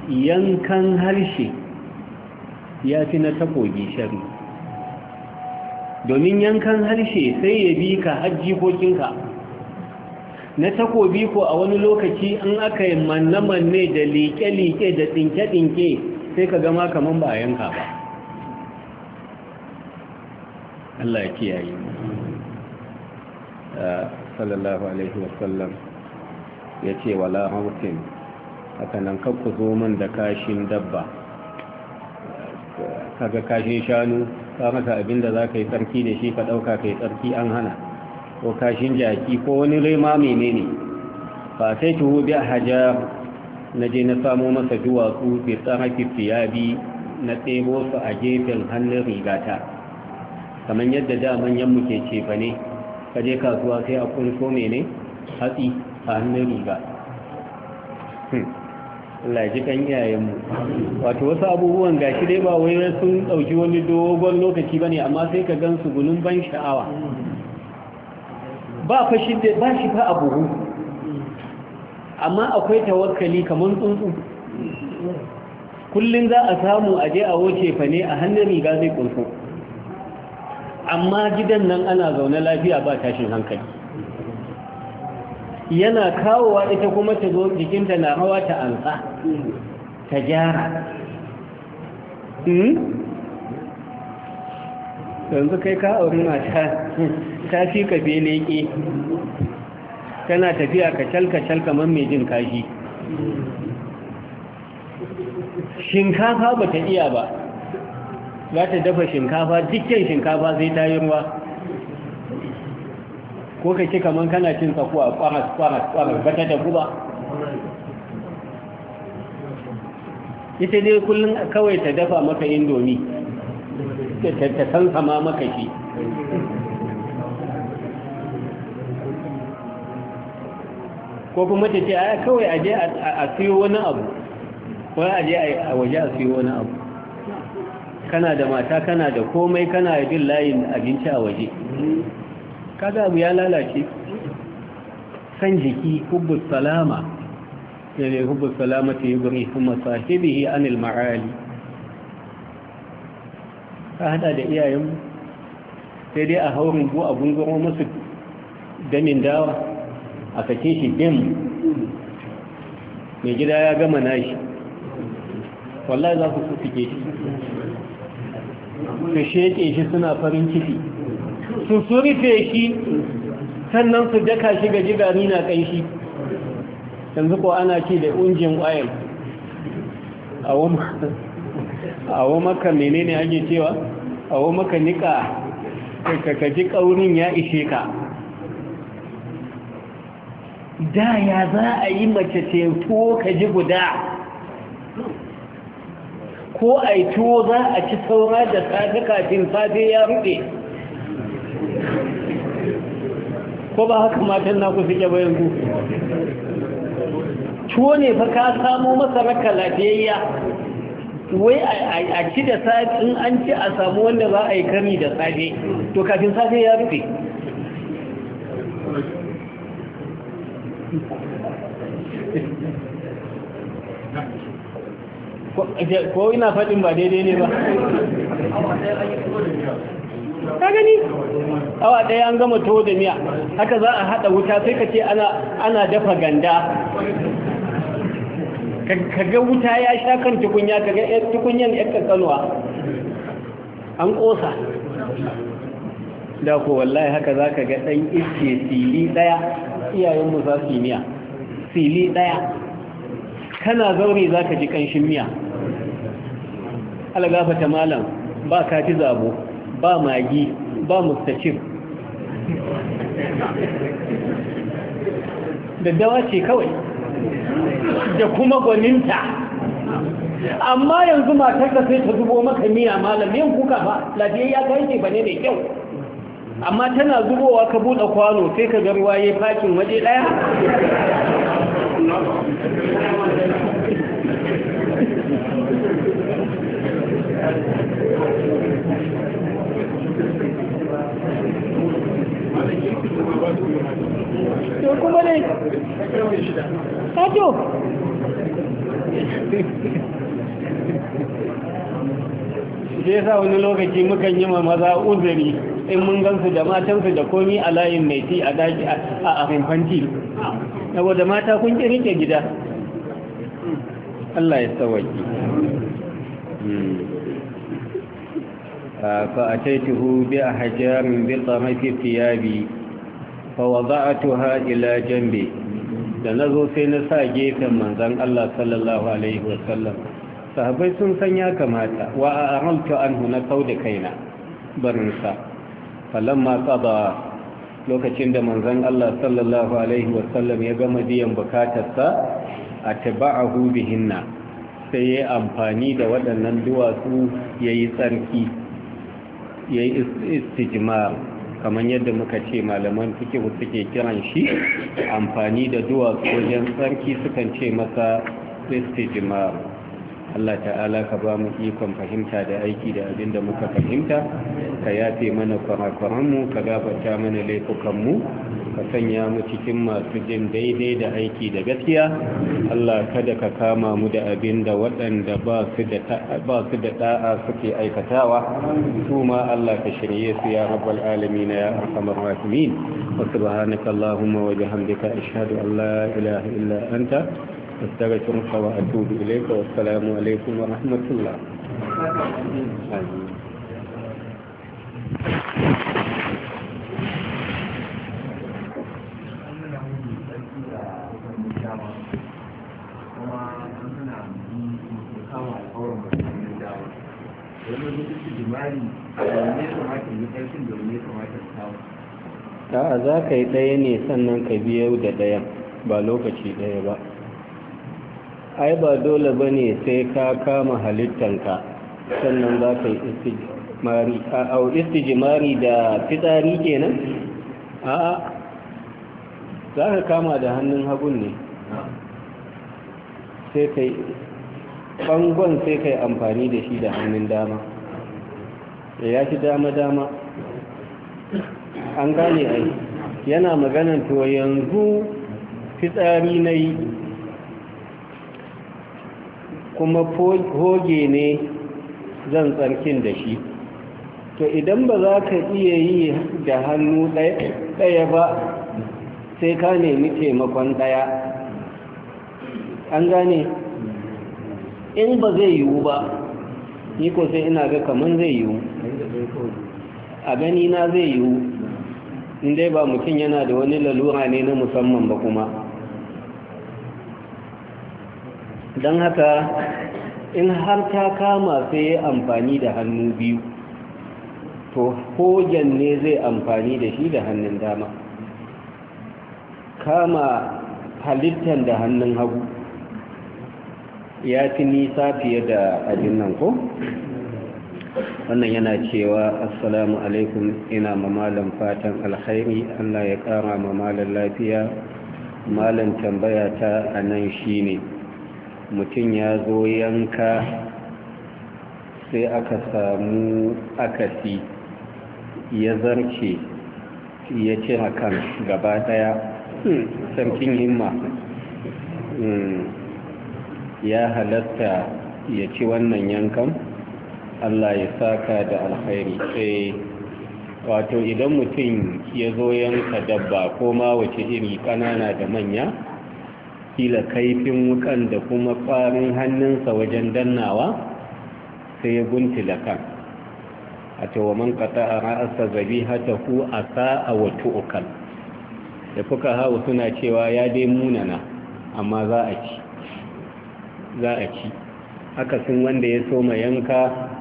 yankan harshe ya fi na takogi shari'a. domin yankan harshe sai ya bi ka hajji kinka na takobi ko a wani lokaci an aka yi manne-manne da liƙe-liƙe da tsinke-tsinke sai ka gama kaman ba yanka ba Allah ya kiyaye ah, sallallahu alaihi wasallam ya ce wala hautin aka nan kakku zo min da kashin dabba ah, kaga kashin shanu ka mata abin da za ka yi tsarki da shi ka ɗauka ka yi tsarki an hana ko kashin jaki ko wani rema menene ba sai tuhu bi hajja na je na samo masa duwatsu bi ya bi na tsebo su a gefen hannun rigata kamar yadda da manyan mu ce ba ne ka je kasuwa sai a kunso mene hatsi a hannun riga hmm. Allah ji kan iyayenmu wato wasu abubuwan gashi dai ba wai sun dauki wani dogon lokaci bane amma sai ka gansu gunun ban sha'awa ba fa shi ba shi fa abu amma akwai tawakkali kamar tsuntsu kullun za a samu a je a wuce fa ne a hannun riga zai kunso amma gidan nan ana zaune lafiya ba tashin hankali yana kawowa ita kuma ta zo jikinta na hawa ta alƙa ta gyara hmm? yanzu kai ka auri mata ta fi ka beleke tana tafiya ka calka-calka kamar mai jin kashi shinkafa ba ta iya ba za ta dafa shinkafa dikken shinkafa sai ta yi ruwa ko ka ce kaman kana cin tsakuwa kwaras kwaras kwaras ba ta tafi ba ita dai kullum kawai ta dafa maka indomi ta san sama maka shi ko kuma ta ce aya kawai a je a siyo wani abu ko a je a waje a siyo wani abu kana da mata kana da komai kana jin layin abinci a waje Kada abu ya lalace san jiki hubbus salama yana hubbus salama ta yi guri kuma sahibihi anil ma'ali ka hada da iyayenmu sai dai a haurin bu a gungaro masu damin dawa a sake shi dim mai gida ya gama nashi wallahi za ku suke shi su sheke shi suna farin ciki su surfe shi sannan su daka shi ga jigari na kanshi yanzu ko ana ce da injin oil awo maka menene ake cewa awo maka nika ka ji kaurin ya ishe ka da ya za a yi mace teku ka ji guda ko a yi tuwo za a ci saura da safi kafin safe ya rufe ko ba haka matan ku fike bayan ku tuwo ne fa ka samo masa raka lafiyayya wai a ci da safe in an ci a samu wanda za a yi kami da safe to kafin safe ya rufe ko ina faɗin ba daidai ne ba ka gani awa ɗaya an gama tuwo da miya haka za a haɗa wuta sai ka ce ana dafa ganda ka ga wuta ya sha kan tukunya ka ga tukunyan ya kankanuwa an ƙosa da ko wallahi haka za ka ga ɗan iske sili ɗaya iyayenmu za su yi miya sili ɗaya kana zauri za ka ji ƙanshin miya gafata malam ba ka ci zabo ba magi ba mustacin daddawa ce kawai da kuma gwaninta amma yanzu matar da sai ta zubo maka miya malam yin kuka ba lafiya ya ga ba ne mai kyau amma tana zubowa ka buɗe kwano sai ka ga ruwa ya fakin waje ɗaya to kuma dai kato wani lokaci mukan yi ma maza uzuri in mun gansu da matansu da komi a layin mai ci a daji a ahimfanci da mata kun ƙi rike gida Allah ya tsawaki hmm. fa a taituhu bi a hajjarin bi fiye fiyabi فوضعتها إلى جنبي لنظر na جيفا sai na sa gefen الله عليه وسلم sahabai sun san ya kamata wa a anhu an huna sau da kaina barin falon falamma ba lokacin da manzan Allah sallallahu Alaihi wasallam ya gama biyan bukatarsa a taba a sai ya amfani da waɗannan duwatsu yayi tsarki yayi yi kamar yadda muka ce malaman fikihu suke kiran shi amfani da duwatsu wajen tsarki sukan ce masa kristi istijmar Allah ta'ala ka ba mu ikon fahimta da aiki da abin da muka fahimta ka yafe mana mu ka gabata mana laifukanmu ka sanya mu cikin masu jin daidai da aiki da gaskiya Allah kada ka kama mu da abin da waɗanda ba su da ɗa'a suke aikatawa su ma Allah ka shirye su ya rabbal alamin ya arhamar rahimin wa subhanaka allahumma wa bihamdika ashhadu an la ilaha illa anta astaghfiruka wa atubu ilayka wa assalamu wa rahmatullah Thank you. wani lokaci jimari a wani kamata yi karshen da wani kamata kawo a'a za ka yi ɗaya ne sannan ka biya da ɗayan ba lokaci ɗaya ba ai ba dole ba ne sai ka kama halittanka sannan za ka yi istijimari a istijimari da fitsari kenan a'a za ka kama da hannun hagun ne sai ka yi bangon sai kai amfani da shi da hannun dama ya ci dama-dama an gane ai yana maganan to yanzu fitsari na yi kuma hoge ne zan tsarkin da shi to idan ba za ka iya yi da hannu ɗaya ba sai ka nemi taimakon ɗaya an gane in ba zai yiwu ba ni ko sai ina ga kaman zai yiwu a gani na zai yiwu in ba mutum yana da wani lalura ne na musamman ba kuma don haka in har ta kama sai ya amfani da hannu biyu to hojan ne zai amfani da shi da hannun dama kama halittar da hannun hagu ya fi nisa fiye da abin nan ko wannan yana cewa assalamu alaikum ina mamalan fatan alkhairi allah ya kama mamalan lafiya malan tambaya ta a nan shi ne. mutum ya zo yanka sai aka samu akasi ya zarce ya cire kan gaba daya hmm, sarkin himma hmm. ya halatta ya ci wannan yankan allah ya saka da alkhairi sai eh, wato idan mutum ya zo yanka dabba ko ma wace iri kanana da manya kila kaifin wukan da kuma kwarin hannunsa wajen dannawa sai ya guntula kan a cewa man kata a ra'asa zabi hata ku a sa'a wato ukan da fuka hau suna cewa ya dai munana amma za a ci za a ci sun wanda ya so ma yanka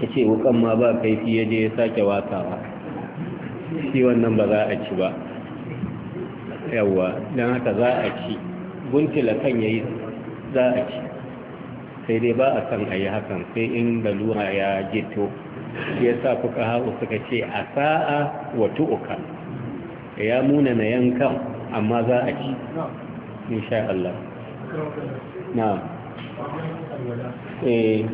ya ce wukan ma ba kaifi ya je ya sake watawa. shi wannan ba za a ci ba yawwa don haka za a ci guntula kan ya yi za a ci sai dai ba a san a yi hakan sai in da lura ya gito ya sa fuka haɓu suka ce a sa'a wa tu'uka ya muna na yankan amma za a ci insha Allah na eh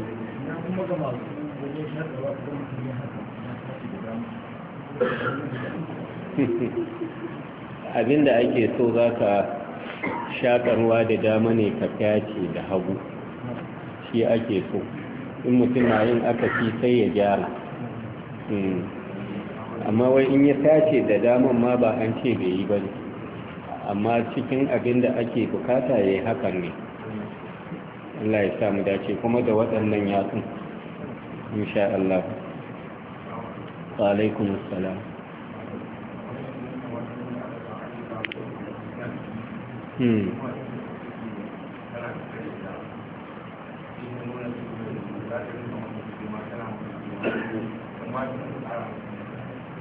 abinda ake so za ka shakarwa da dama ne ka fyace da hagu shi ake so in mutum na yin fi sai ya gyara hmm. amma wai in ya fyace da dama ma ba an ce bai yi ba amma cikin abinda ake bukata ya yi hakan ne Allah ya sa mu dace kuma da waɗannan yatsun insha Allah alaikum assalam hmm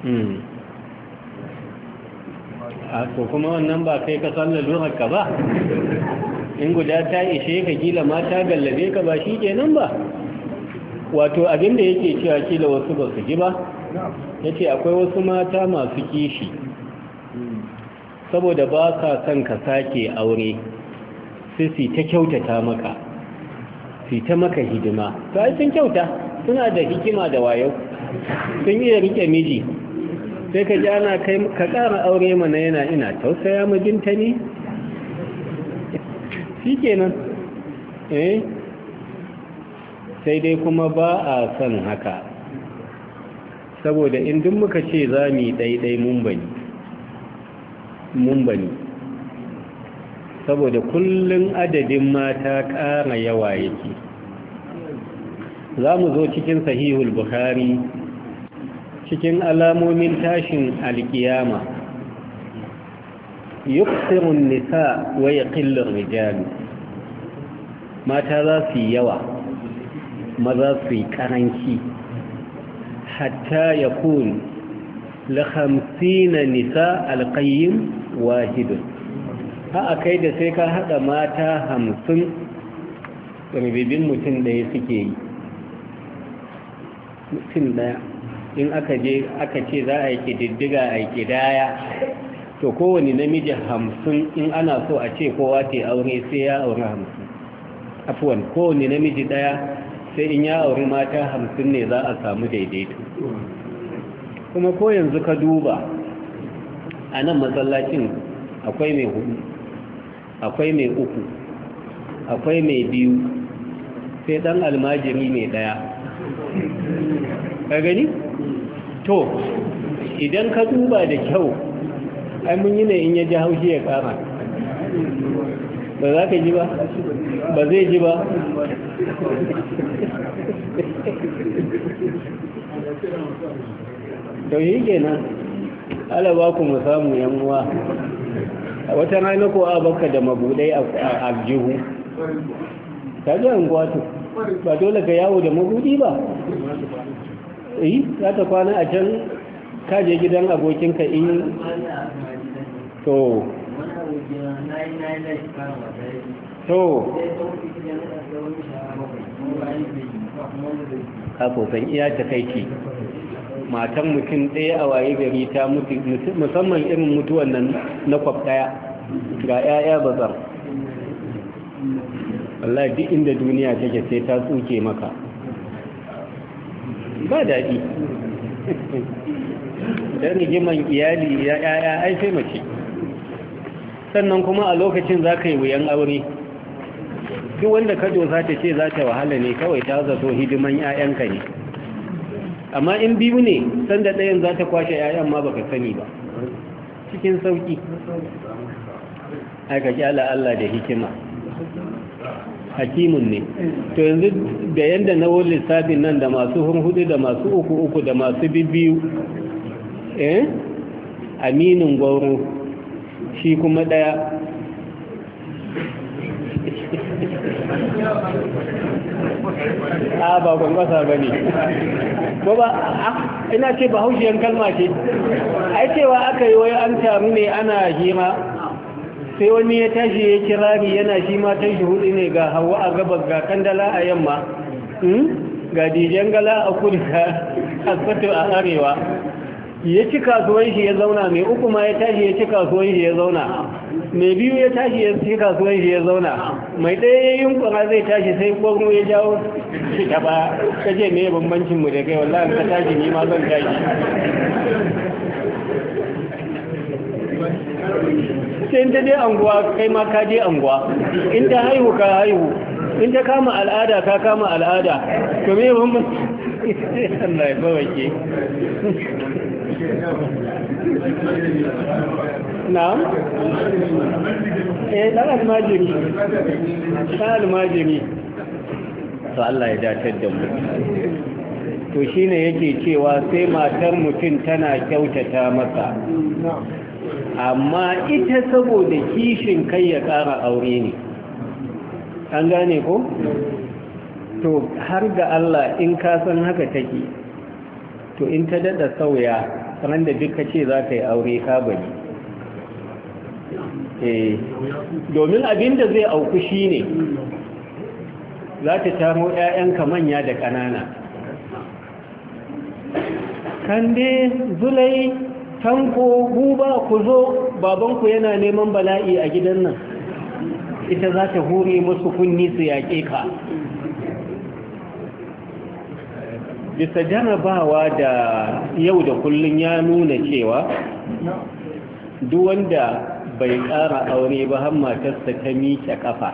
hmm a kuma wannan ba kai ka sallar ka ba in guda ta ishe ka gila ma gallabe ka ba shi kenan ba wato abinda yake cewa kila wasu ba su ji ba ya akwai wasu mata masu kishi saboda ba ka son ka sake aure sai su ta kyautata maka su ta maka hidima ai sun kyauta suna da hikima da wayo sun iya rike miji sai ka jana ka kara aure mana yana ina tausaya mijinta ne shi kenan eh sai dai kuma ba a son haka saboda in duk muka ce za mu yi mun bani saboda kullun adadin mata ƙara yawa yake za mu zo cikin sahihul buhari cikin alamomin tashin alkiyama yuksiru nisa wa yaqillu rijal mata za su yi yawa maza su yi karanci hatta yakun la 50 nisa alqayyim wahidun ha akai da sai ka hada mata 50 rububin mutum daya suke yi mutum daya in aka ce za a yi kididdiga a yi to kowane namiji hamsin in ana so a ce kowa ta aure sai ya aure hamsin afuwan kowane namiji daya sai in ya aure mata hamsin ne za a samu daidaito kuma ko yanzu ka duba a nan matsalacin akwai mai hudu akwai mai uku akwai mai biyu sai dan almajiri mai daya ka gani to idan ka duba da kyau ai mun yi ne in ya ji haushi ya kara ba za ka ji ba ba zai ji ba to yi kenan ala ba ku mu samu yamuwa a wata rana ko a baka da mabudai a aljihu ta ji an gwato ba dole ka yawo da mabudi ba yi eh, za ta kwana a can kaje gidan abokinka in to to kafofin iya ta takaici matan mutum ɗaya a waye gari ta mutu musamman irin mutuwan nan na kwaf ɗaya ga 'ya'ya bazar Allah duk inda duniya take sai ta tsuke maka ba daɗi don rigiman iyali ya 'ya'ya ai sai mace sannan kuma a lokacin za ka yi wuyan aure duk wanda ka dosa ta ce za ta wahala ne kawai ta zato hidiman 'ya'yanka ne amma in biyu ne sanda ɗayan za ta kwashe 'ya'yan ma baka sani ba cikin sauki aka kyala Allah da hikima hakimun ne to yanzu da yanda na wani lissafin nan da masu hudu da masu uku uku da masu bibiyu eh aminin gwauro shi kuma ɗaya a ba kwankwasa ba ne ba ba ina ce ba haushiyar kalma ce ai cewa aka yi wai an taru ne ana hima sai wani ya tashi ya kira ni yana shi ta shi hudu ne ga hawa a gabas ga kandala a yamma hmm? ga dijen gala a kudu a sato a arewa ya ci kasuwan shi ya zauna mai uku ma ya tashi ya ci kasuwan shi ya zauna mai biyu ya tashi ya ci kasuwan shi ya zauna mai ɗaya ya yi yunkura zai tashi sai kwanu ya jawo shi ta ba ka je mai bambancin mu da kai wallahi ka tashi ni ma zan tashi sai ta dai anguwa kai ma ka je anguwa in ta haihu ka haihu in ta kama al'ada ka kama al'ada to me bambancin Allah ya ke. na'am eh dan almajiri dan almajiri to Allah ya datar da mu to shine yake cewa sai matar mutum tana kyautata masa amma ita saboda kishin kai ya ƙara aure ne an gane ko? to har ga Allah in ka san haka take to in ta dada sauya ran da duk ka ce za ka yi aure ka bari eh, domin abin da zai auku shine. ne za ta tamo 'ya'yanka manya da ƙanana kan dai zulai tanko guba ku zo babanku yana neman bala'i a gidan nan ita za ta hure musu kunni su yaƙe ka bisa jarabawa da yau da kullun ya nuna cewa duk wanda bai ƙara aure ba har matarsa ta miƙe ƙafa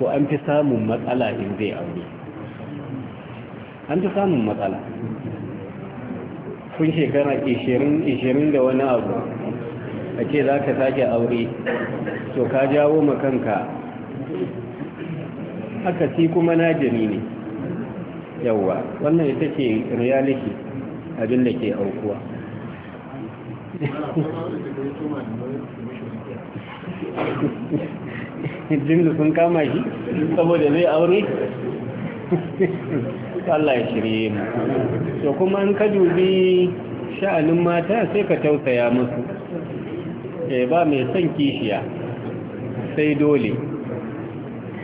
to an fi samun matsala in zai aure an fi samun matsala kun shekara 20 da wani abu a ce za ka sake aure to ka jawo makanka haka si kuma na jini ne yawwa wannan ita ce reality abin da ke aukuwa da sun kama shi saboda zai aure Allah ya shirye mu to kuma in ka dubi sha'anin mata sai ka tausaya musu e ba mai son kishiya sai dole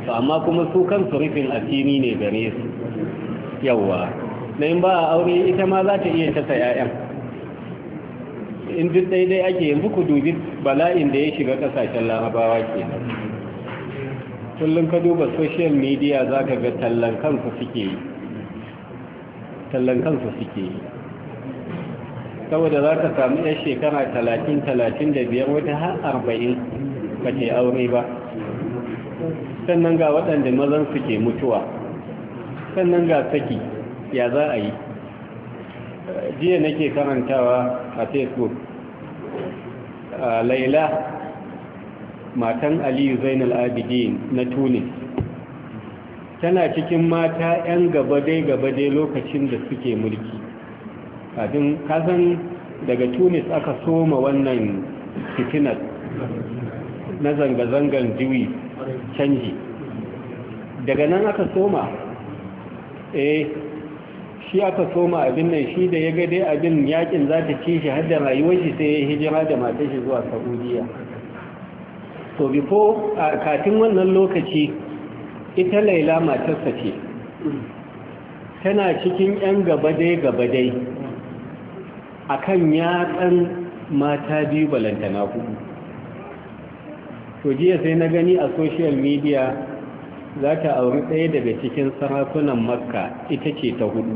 amma kuma su kansu rufin asiri ne gare su yawa na in ba a aure ita ma za ta iya tasa 'ya'yan in duk daidai ake yanzu ku dubi bala'in da ya shiga kasashen larabawa ke kullum ka duba social media za ka ga tallan kansu suke yi saboda za ka samu 'yan shekara 30-35 wata har 40 ba ce aure ba sannan ga waɗanda mazan suke mutuwa sannan ga saki ya za a yi jiya nake karantawa a facebook laila matan aliyu zainal abidin na tunis tana cikin mata 'yan gaba dai-gaba dai lokacin da suke mulki kafin kasan daga tunis aka soma wannan fitinar na zanga-zangar jiwi canji daga nan aka soma eh shi aka soma abin nan shi da ya dai abin yakin za ta ci shi hadda rayuwar shi sai ya hijira da matar shi zuwa saudiya so before a katin wannan lokaci ita laila matarsa ce tana cikin 'yan gabadai-gabadai a kan yatsan mata biyu balantana kudu to jiya sai na gani a social media za ta auri ɗaya daga cikin sarakunan makka ita ce ta hudu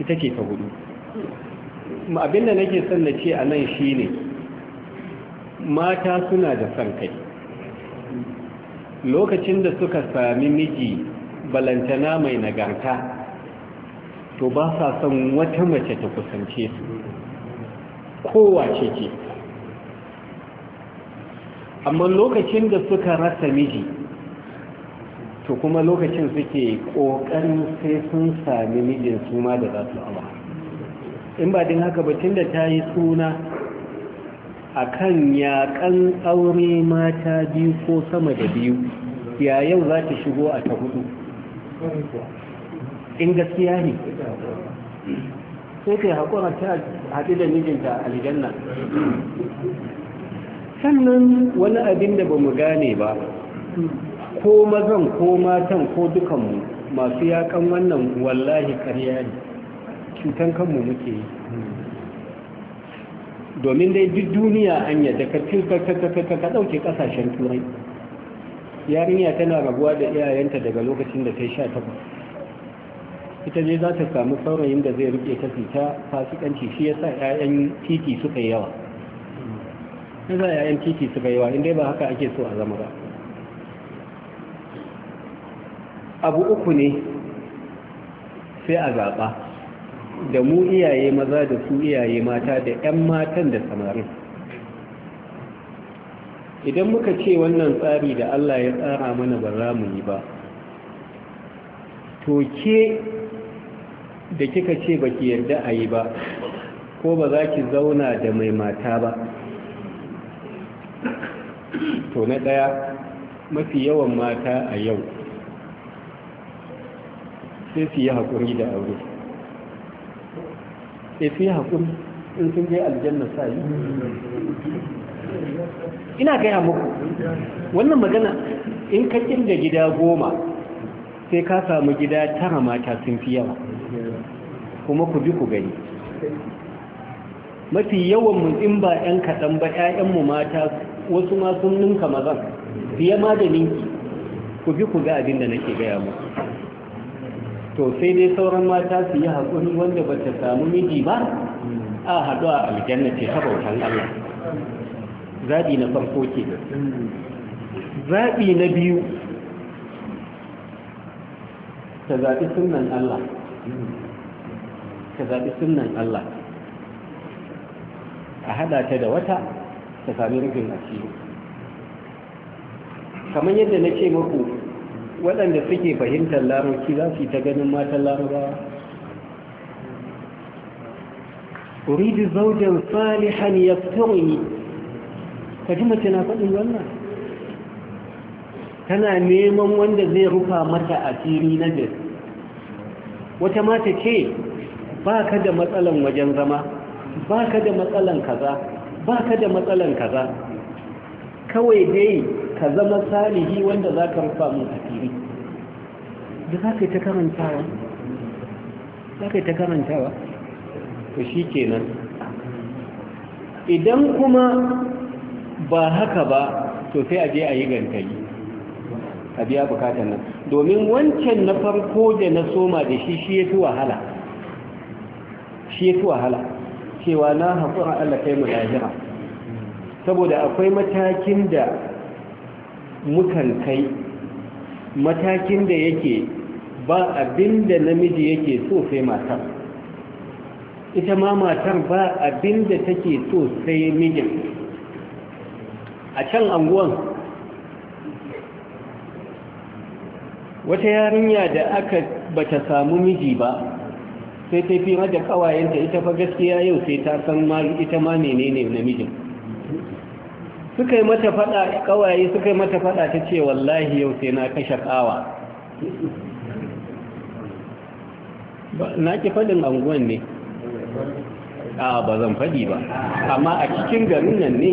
ita ce ta hudu abinda nake son na ce a nan shi ne mata suna da son kai lokacin da suka sami miji balantana mai nagarta to ba sa son wata mace ta kusance su kowace ce amma lokacin da suka rasa miji to kuma lokacin suke ƙoƙarin sai sun sami mijin su ma da za su awa in ba din haka ba tun da ta yi suna a kan yaƙan aure mata biyu ko sama da biyu yau za ta shigo a ta hudu in gaskiya ne sai kai haƙura ta haɗu da mijinta a aljanna sannan wani abin da ba mu gane ba ko mazan ko matan ko dukanmu masu yakan wannan wallahi karya ne cutan kanmu muke yi domin dai duk duniya an yadda ka ka ɗauke ƙasashen turai yarinya tana raguwa da iyayenta daga lokacin da ta yi sha takwas ita ne za ta samu saurayin da zai rike ta fita fasikanci shi ya sa 'ya'yan titi suka yawa sai za yayan titi su gaiwa inda ba haka ake so a zama ba abu uku ne sai a zaɓa da mu iyaye maza da su iyaye mata da 'yan matan da samarin idan muka ce wannan tsari da Allah ya tsara mana ba za mu yi ba to ke da kika ce ba ki yarda a yi ba ko ba za ki zauna da mai mata ba to na ɗaya mafi yawan mata a yau sai su yi haƙuri da aure sai su yi haƙuri in sun je aljanna sa yi ina gaya muku wannan magana in ka da gida goma sai ka samu gida tara mata sun fi yawa kuma ku bi ku gani mafi yawan mu in ba 'yan kaɗan ba 'ya'yanmu mata wasu ma sun ninka mazan fiye ma da ninki ku bi ku ga abin da nake gaya mu to sai dai sauran mata su yi haƙuri wanda ba ta samu miji ba a haɗu a aljanna ce ta bautan Allah zaɓi na farko ke zaɓi na biyu ta zaɓi sunan Allah ka zaɓi sunan Allah a haɗa ta da wata ta sami rufin asiri kamar yadda na ce maku, waɗanda suke fahimtar larabci za su yi ta ganin matan larabawa uridu zaujan salihan yaftuni ka ji mace na faɗin wannan tana neman wanda zai rufa mata asiri na jir wata mata ce ba ka da matsalan wajen zama ba ka da matsalan kaza ba ka da matsalan kaza kawai dai ka zama salihi wanda za ka rufa mun asiri da za ka yi ta karantawa za ka yi ta karantawa to shi kenan idan kuma ba haka ba to sai a je a yi gantali a biya bukatan nan domin wancan na farko da na soma da shi shi ya fi wahala shi ya fi wahala cewa na haƙura Allah kai mu saboda akwai matakin da mukan kai matakin da yake ba abin namiji yake so sai matar ita ma matar ba abin da take so sai mijin a can anguwan wata yarinya da aka bata samu miji ba sai ta fi mata kawayenta ita fa gaskiya yau sai ta san ma ita ma menene namijin suka yi mata fada kawaye suka yi mata fada ta ce wallahi yau sai na kashe kawa na ki fadin anguwan ne a ba zan fadi ba amma a cikin garin nan ne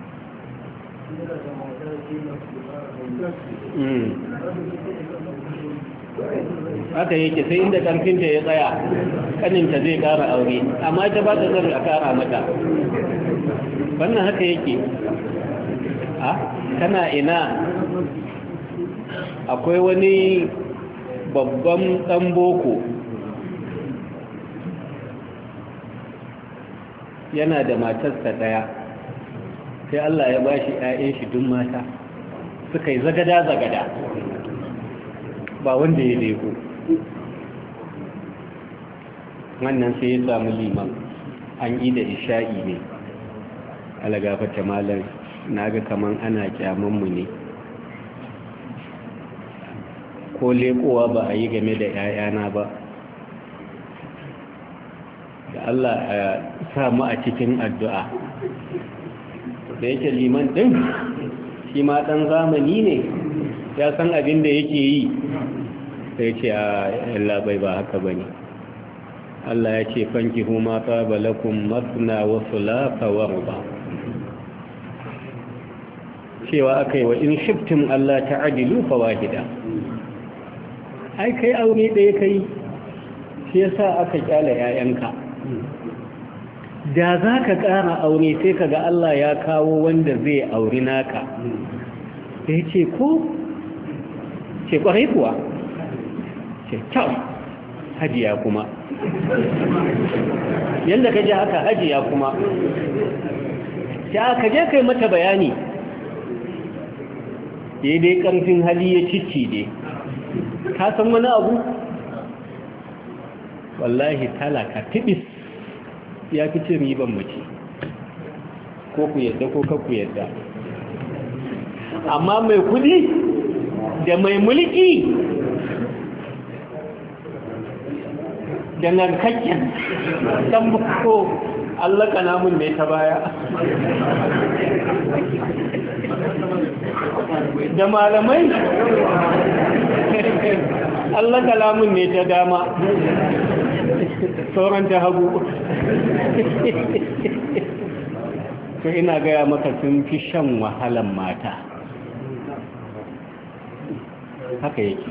Hmm. haka yake sai inda karfinta ya tsaya kaninta zai kara aure amma ita ba ta zan a kara mata wannan haka yake a kana ina akwai wani babban dan boko yana da matarsa daya sai Allah ya ba shi ‘ya'yan shi dun mata suka yi zagada-zagada ba wanda ya lego wannan sai ya samu liman an yi da isha'i ne alagafata tamalar na ga kaman ana kyamanmu ne ko lekowa ba a yi game da ‘ya'yana ba da Allah ya samu a cikin addu'a da yake liman ɗin shi ma dan zamani ne ya san abin da yake yi sai ce a Allah ba haka bane Allah ya ce fanki huma ta lakum masna wa lafawar wa ruba cewa akai wa in shiftum Allah adilu fa wahida ai kai aure ɗaya kai shi yasa aka kyala 'ya'yanka. da za ka ƙara aure sai ka ga Allah ya kawo wanda zai auri naka da ya ce ko ce ƙwarai kuwa ce kyau hajiya kuma yadda ka ji haka hajiya kuma ta ka je kai mata bayani ya dai ƙarfin hali ya cici dai ka san wani abu wallahi talaka tibis ya fi ce ban mace ko ku yadda ko ka ku yadda amma mai kudi da mai mulki da narkakken ɗan Allah allaka namun ne ta baya da malamai allaka namun ne ta dama sauran ta hagu to ina gaya maka sun fi shan wahalan mata haka yake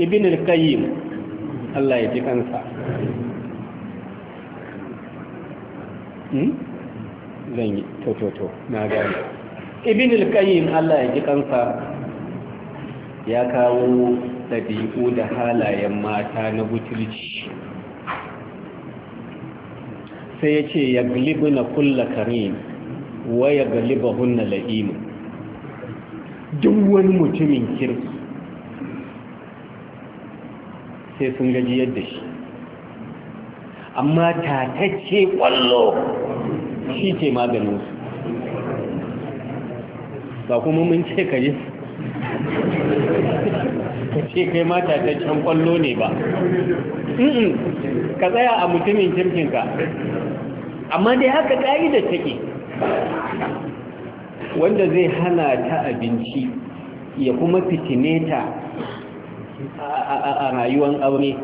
ibn al-qayyim Allah ya ji kansa hmm? zan yi to-to-to na gani ibn al-qayyim Allah ya ji kansa ya kawo ɗabi'u da halayen mata na butulci sai ya ce ya galibu na kulla karin wa ya galiba hunna la'imu duk wani mutumin kirki sai sun gaji yadda shi amma tatacce kwallo shi ce maganinsu ba kuma mun ce ka yi ka ce kai mata ta can kwallo ne ba ka tsaya a mutumin ka. amma dai haka da take wanda zai hana ta abinci ya kuma fitine ta a rayuwan aure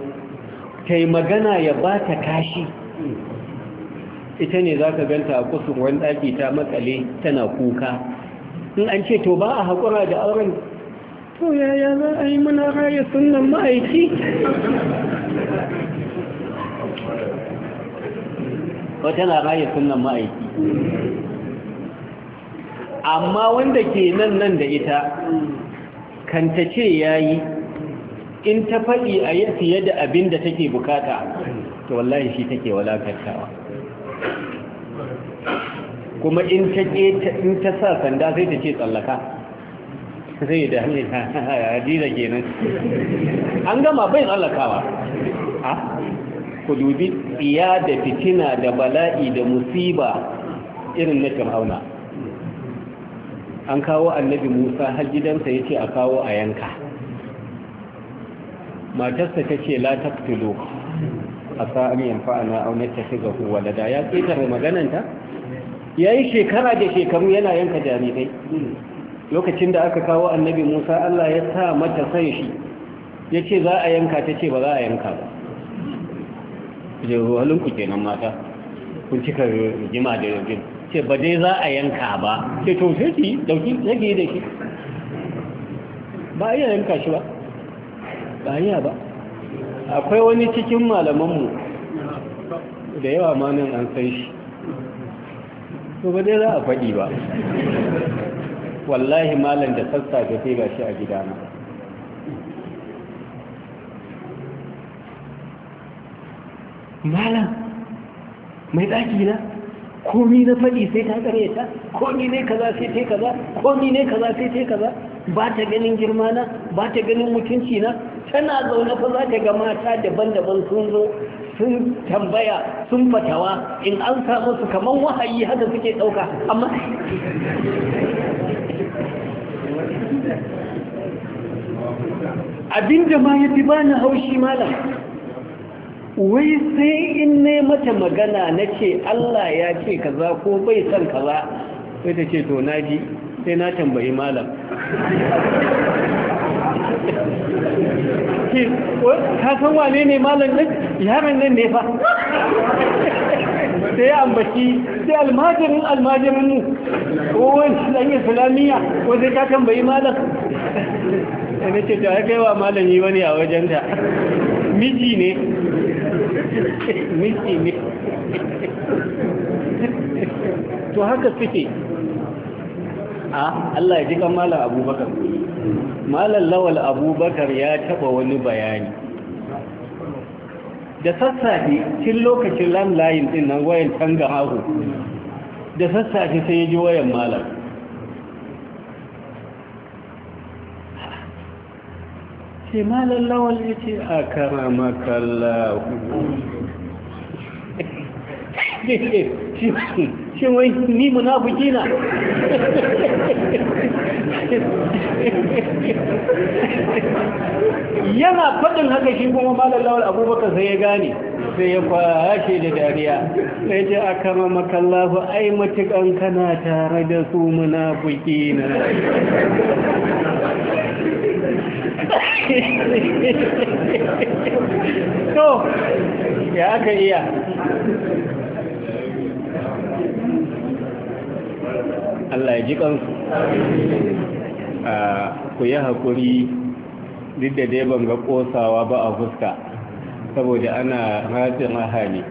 ta yi magana ya ba ta kashi ita ne za ka ganta a kusurwan ɗaki ta makale tana kuka in an ce to ba a haƙura da auren to yaya za a yi muna raya sunan ma'aiki wata na raya sunan ma'aiki amma wanda ke nan nan da ita kanta ce ya yi in ta faɗi a yi fiye da abin da take bukata to wallahi shi take walakantawa kuma in ta sa sanda sai ta ce tsallaka zai da ne hadiza kenan an gama bai tsallakawa ku dubi iya da fitina da bala'i da musiba irin na fir'auna an kawo annabi musa har gidansa ya ce a kawo a yanka matarsa ta ce la taftulo a sa'an yanfa ana aunar ta shiga kowa da da ya ƙetare magananta ya yi shekara da shekaru yana yanka jami'ai lokacin da aka kawo annabi musa allah ya sa mata san shi ya ce za a yanka ta ce ba za a yanka ba jiru ku kenan mata kun cika rigima da rigim ce ba dai za a yanka ba ce to sai ki dauki nage da shi ba a iya yanka shi ba ba a iya ba akwai wani cikin malamanmu da yawa ma nan an san shi to ba dai za a faɗi ba wallahi malam da sassafe sai ga shi a gidana malam mai ɗaki na komi na faɗi sai ta ƙare ta komi ne kaza sai ta kaza komi ne kaza sai ta kaza ba ta ganin girma na ba ta ganin mutunci na tana zaune fa za ta ga mata daban-daban sun zo sun tambaya sun fatawa in an samu su kamar wahayi haka suke ɗauka amma abinda ma ya fi bani haushi malam wai sai in ne mata magana na ce Allah ya ce kaza ko bai son kaza sai ta ce to na ji sai na tambayi malam ka san wane ne malam nan yaran nan ne fa sai ya ambaci sai almajirin almajirin mu ko wani dan islamiyya ko sai ka tambayi malam ne ce ta kai wa malam yi wani a wajen ta miji ne miji ne to haka suke a Allah ya ji kan malam abubakar malam lawal abubakar ya taba wani bayani da sassafe cin lokacin landline din nan wayan tanga hagu da sassafe sai ya ji wayan malam sai malam lawal ya ce a kara makallahu shi wai ni munafiki na yana faɗin haka shi kuma lawar abubakar sai ya gane sai ya kwashe da dariya sai ce a kama makallahu ai matukan kana tare da su munafiki na to ya aka iya Allah ya ji kansu ku yi haƙuri duk da dai ban ga ƙosawa ba a fuska saboda ana ratin ahali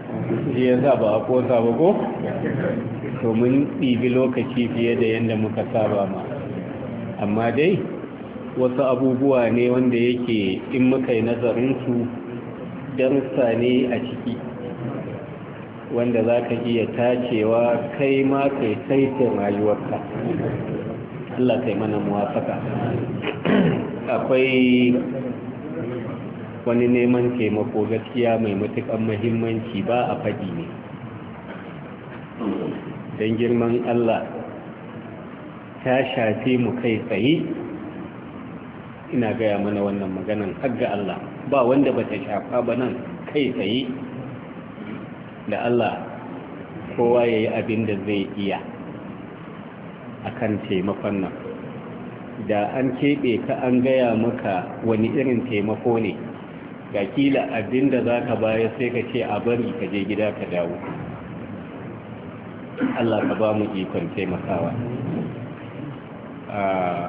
shi ya sa ba a ƙosa ba ko? to mun ɗibi lokaci fiye da yadda muka saba ma amma dai wasu abubuwa ne wanda yake in muka yi nazarinsu darussa ne a ciki wanda za ka iya tacewa kai ma kai saitin rayuwarka Allah kai mana muwafaka akwai wani neman taimako gaskiya mai matukan mahimmanci ba a faɗi ne don girman Allah ta shafe mu kai tsaye ina gaya mana wannan maganan har ga Allah ba wanda ba ta shafa ba nan kai tsaye da Allah kowa ya yi abin da zai iya a kan taimakon nan da an keɓe ka an gaya maka wani irin taimako ne ga kila abin da za ka bayar sai ka ce a bari ka je gida ka dawo Allah ka ba mu ikon taimakawa a ah,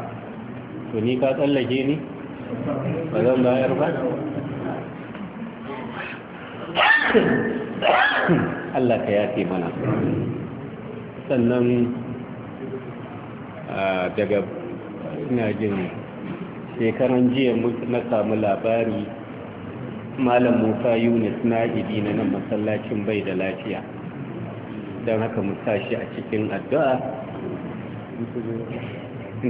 tuni ka tsallake ne ba zan bayar ba Allah ka yafe mana sannan daga ina jin shekaran jiya na samu labari malam musa yunus na idi na nan masallacin bai da lafiya don haka mu shi a cikin addu'a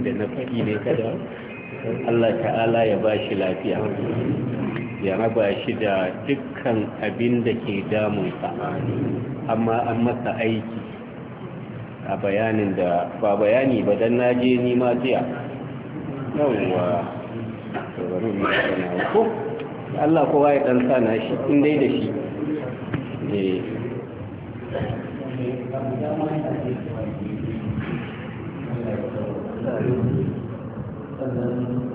da na faɗi ne kada Allah ta'ala ya ba shi lafiya ya raba shi da dukkan abin da ke damun sa'ani amma an masa aiki a bayanin da ba bayani ba don je ni ma jiya yawwa tsoron mai ko Allah kowa ya ɗan sana shi dai da shi eh. Thank you.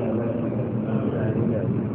Allah ya ba shi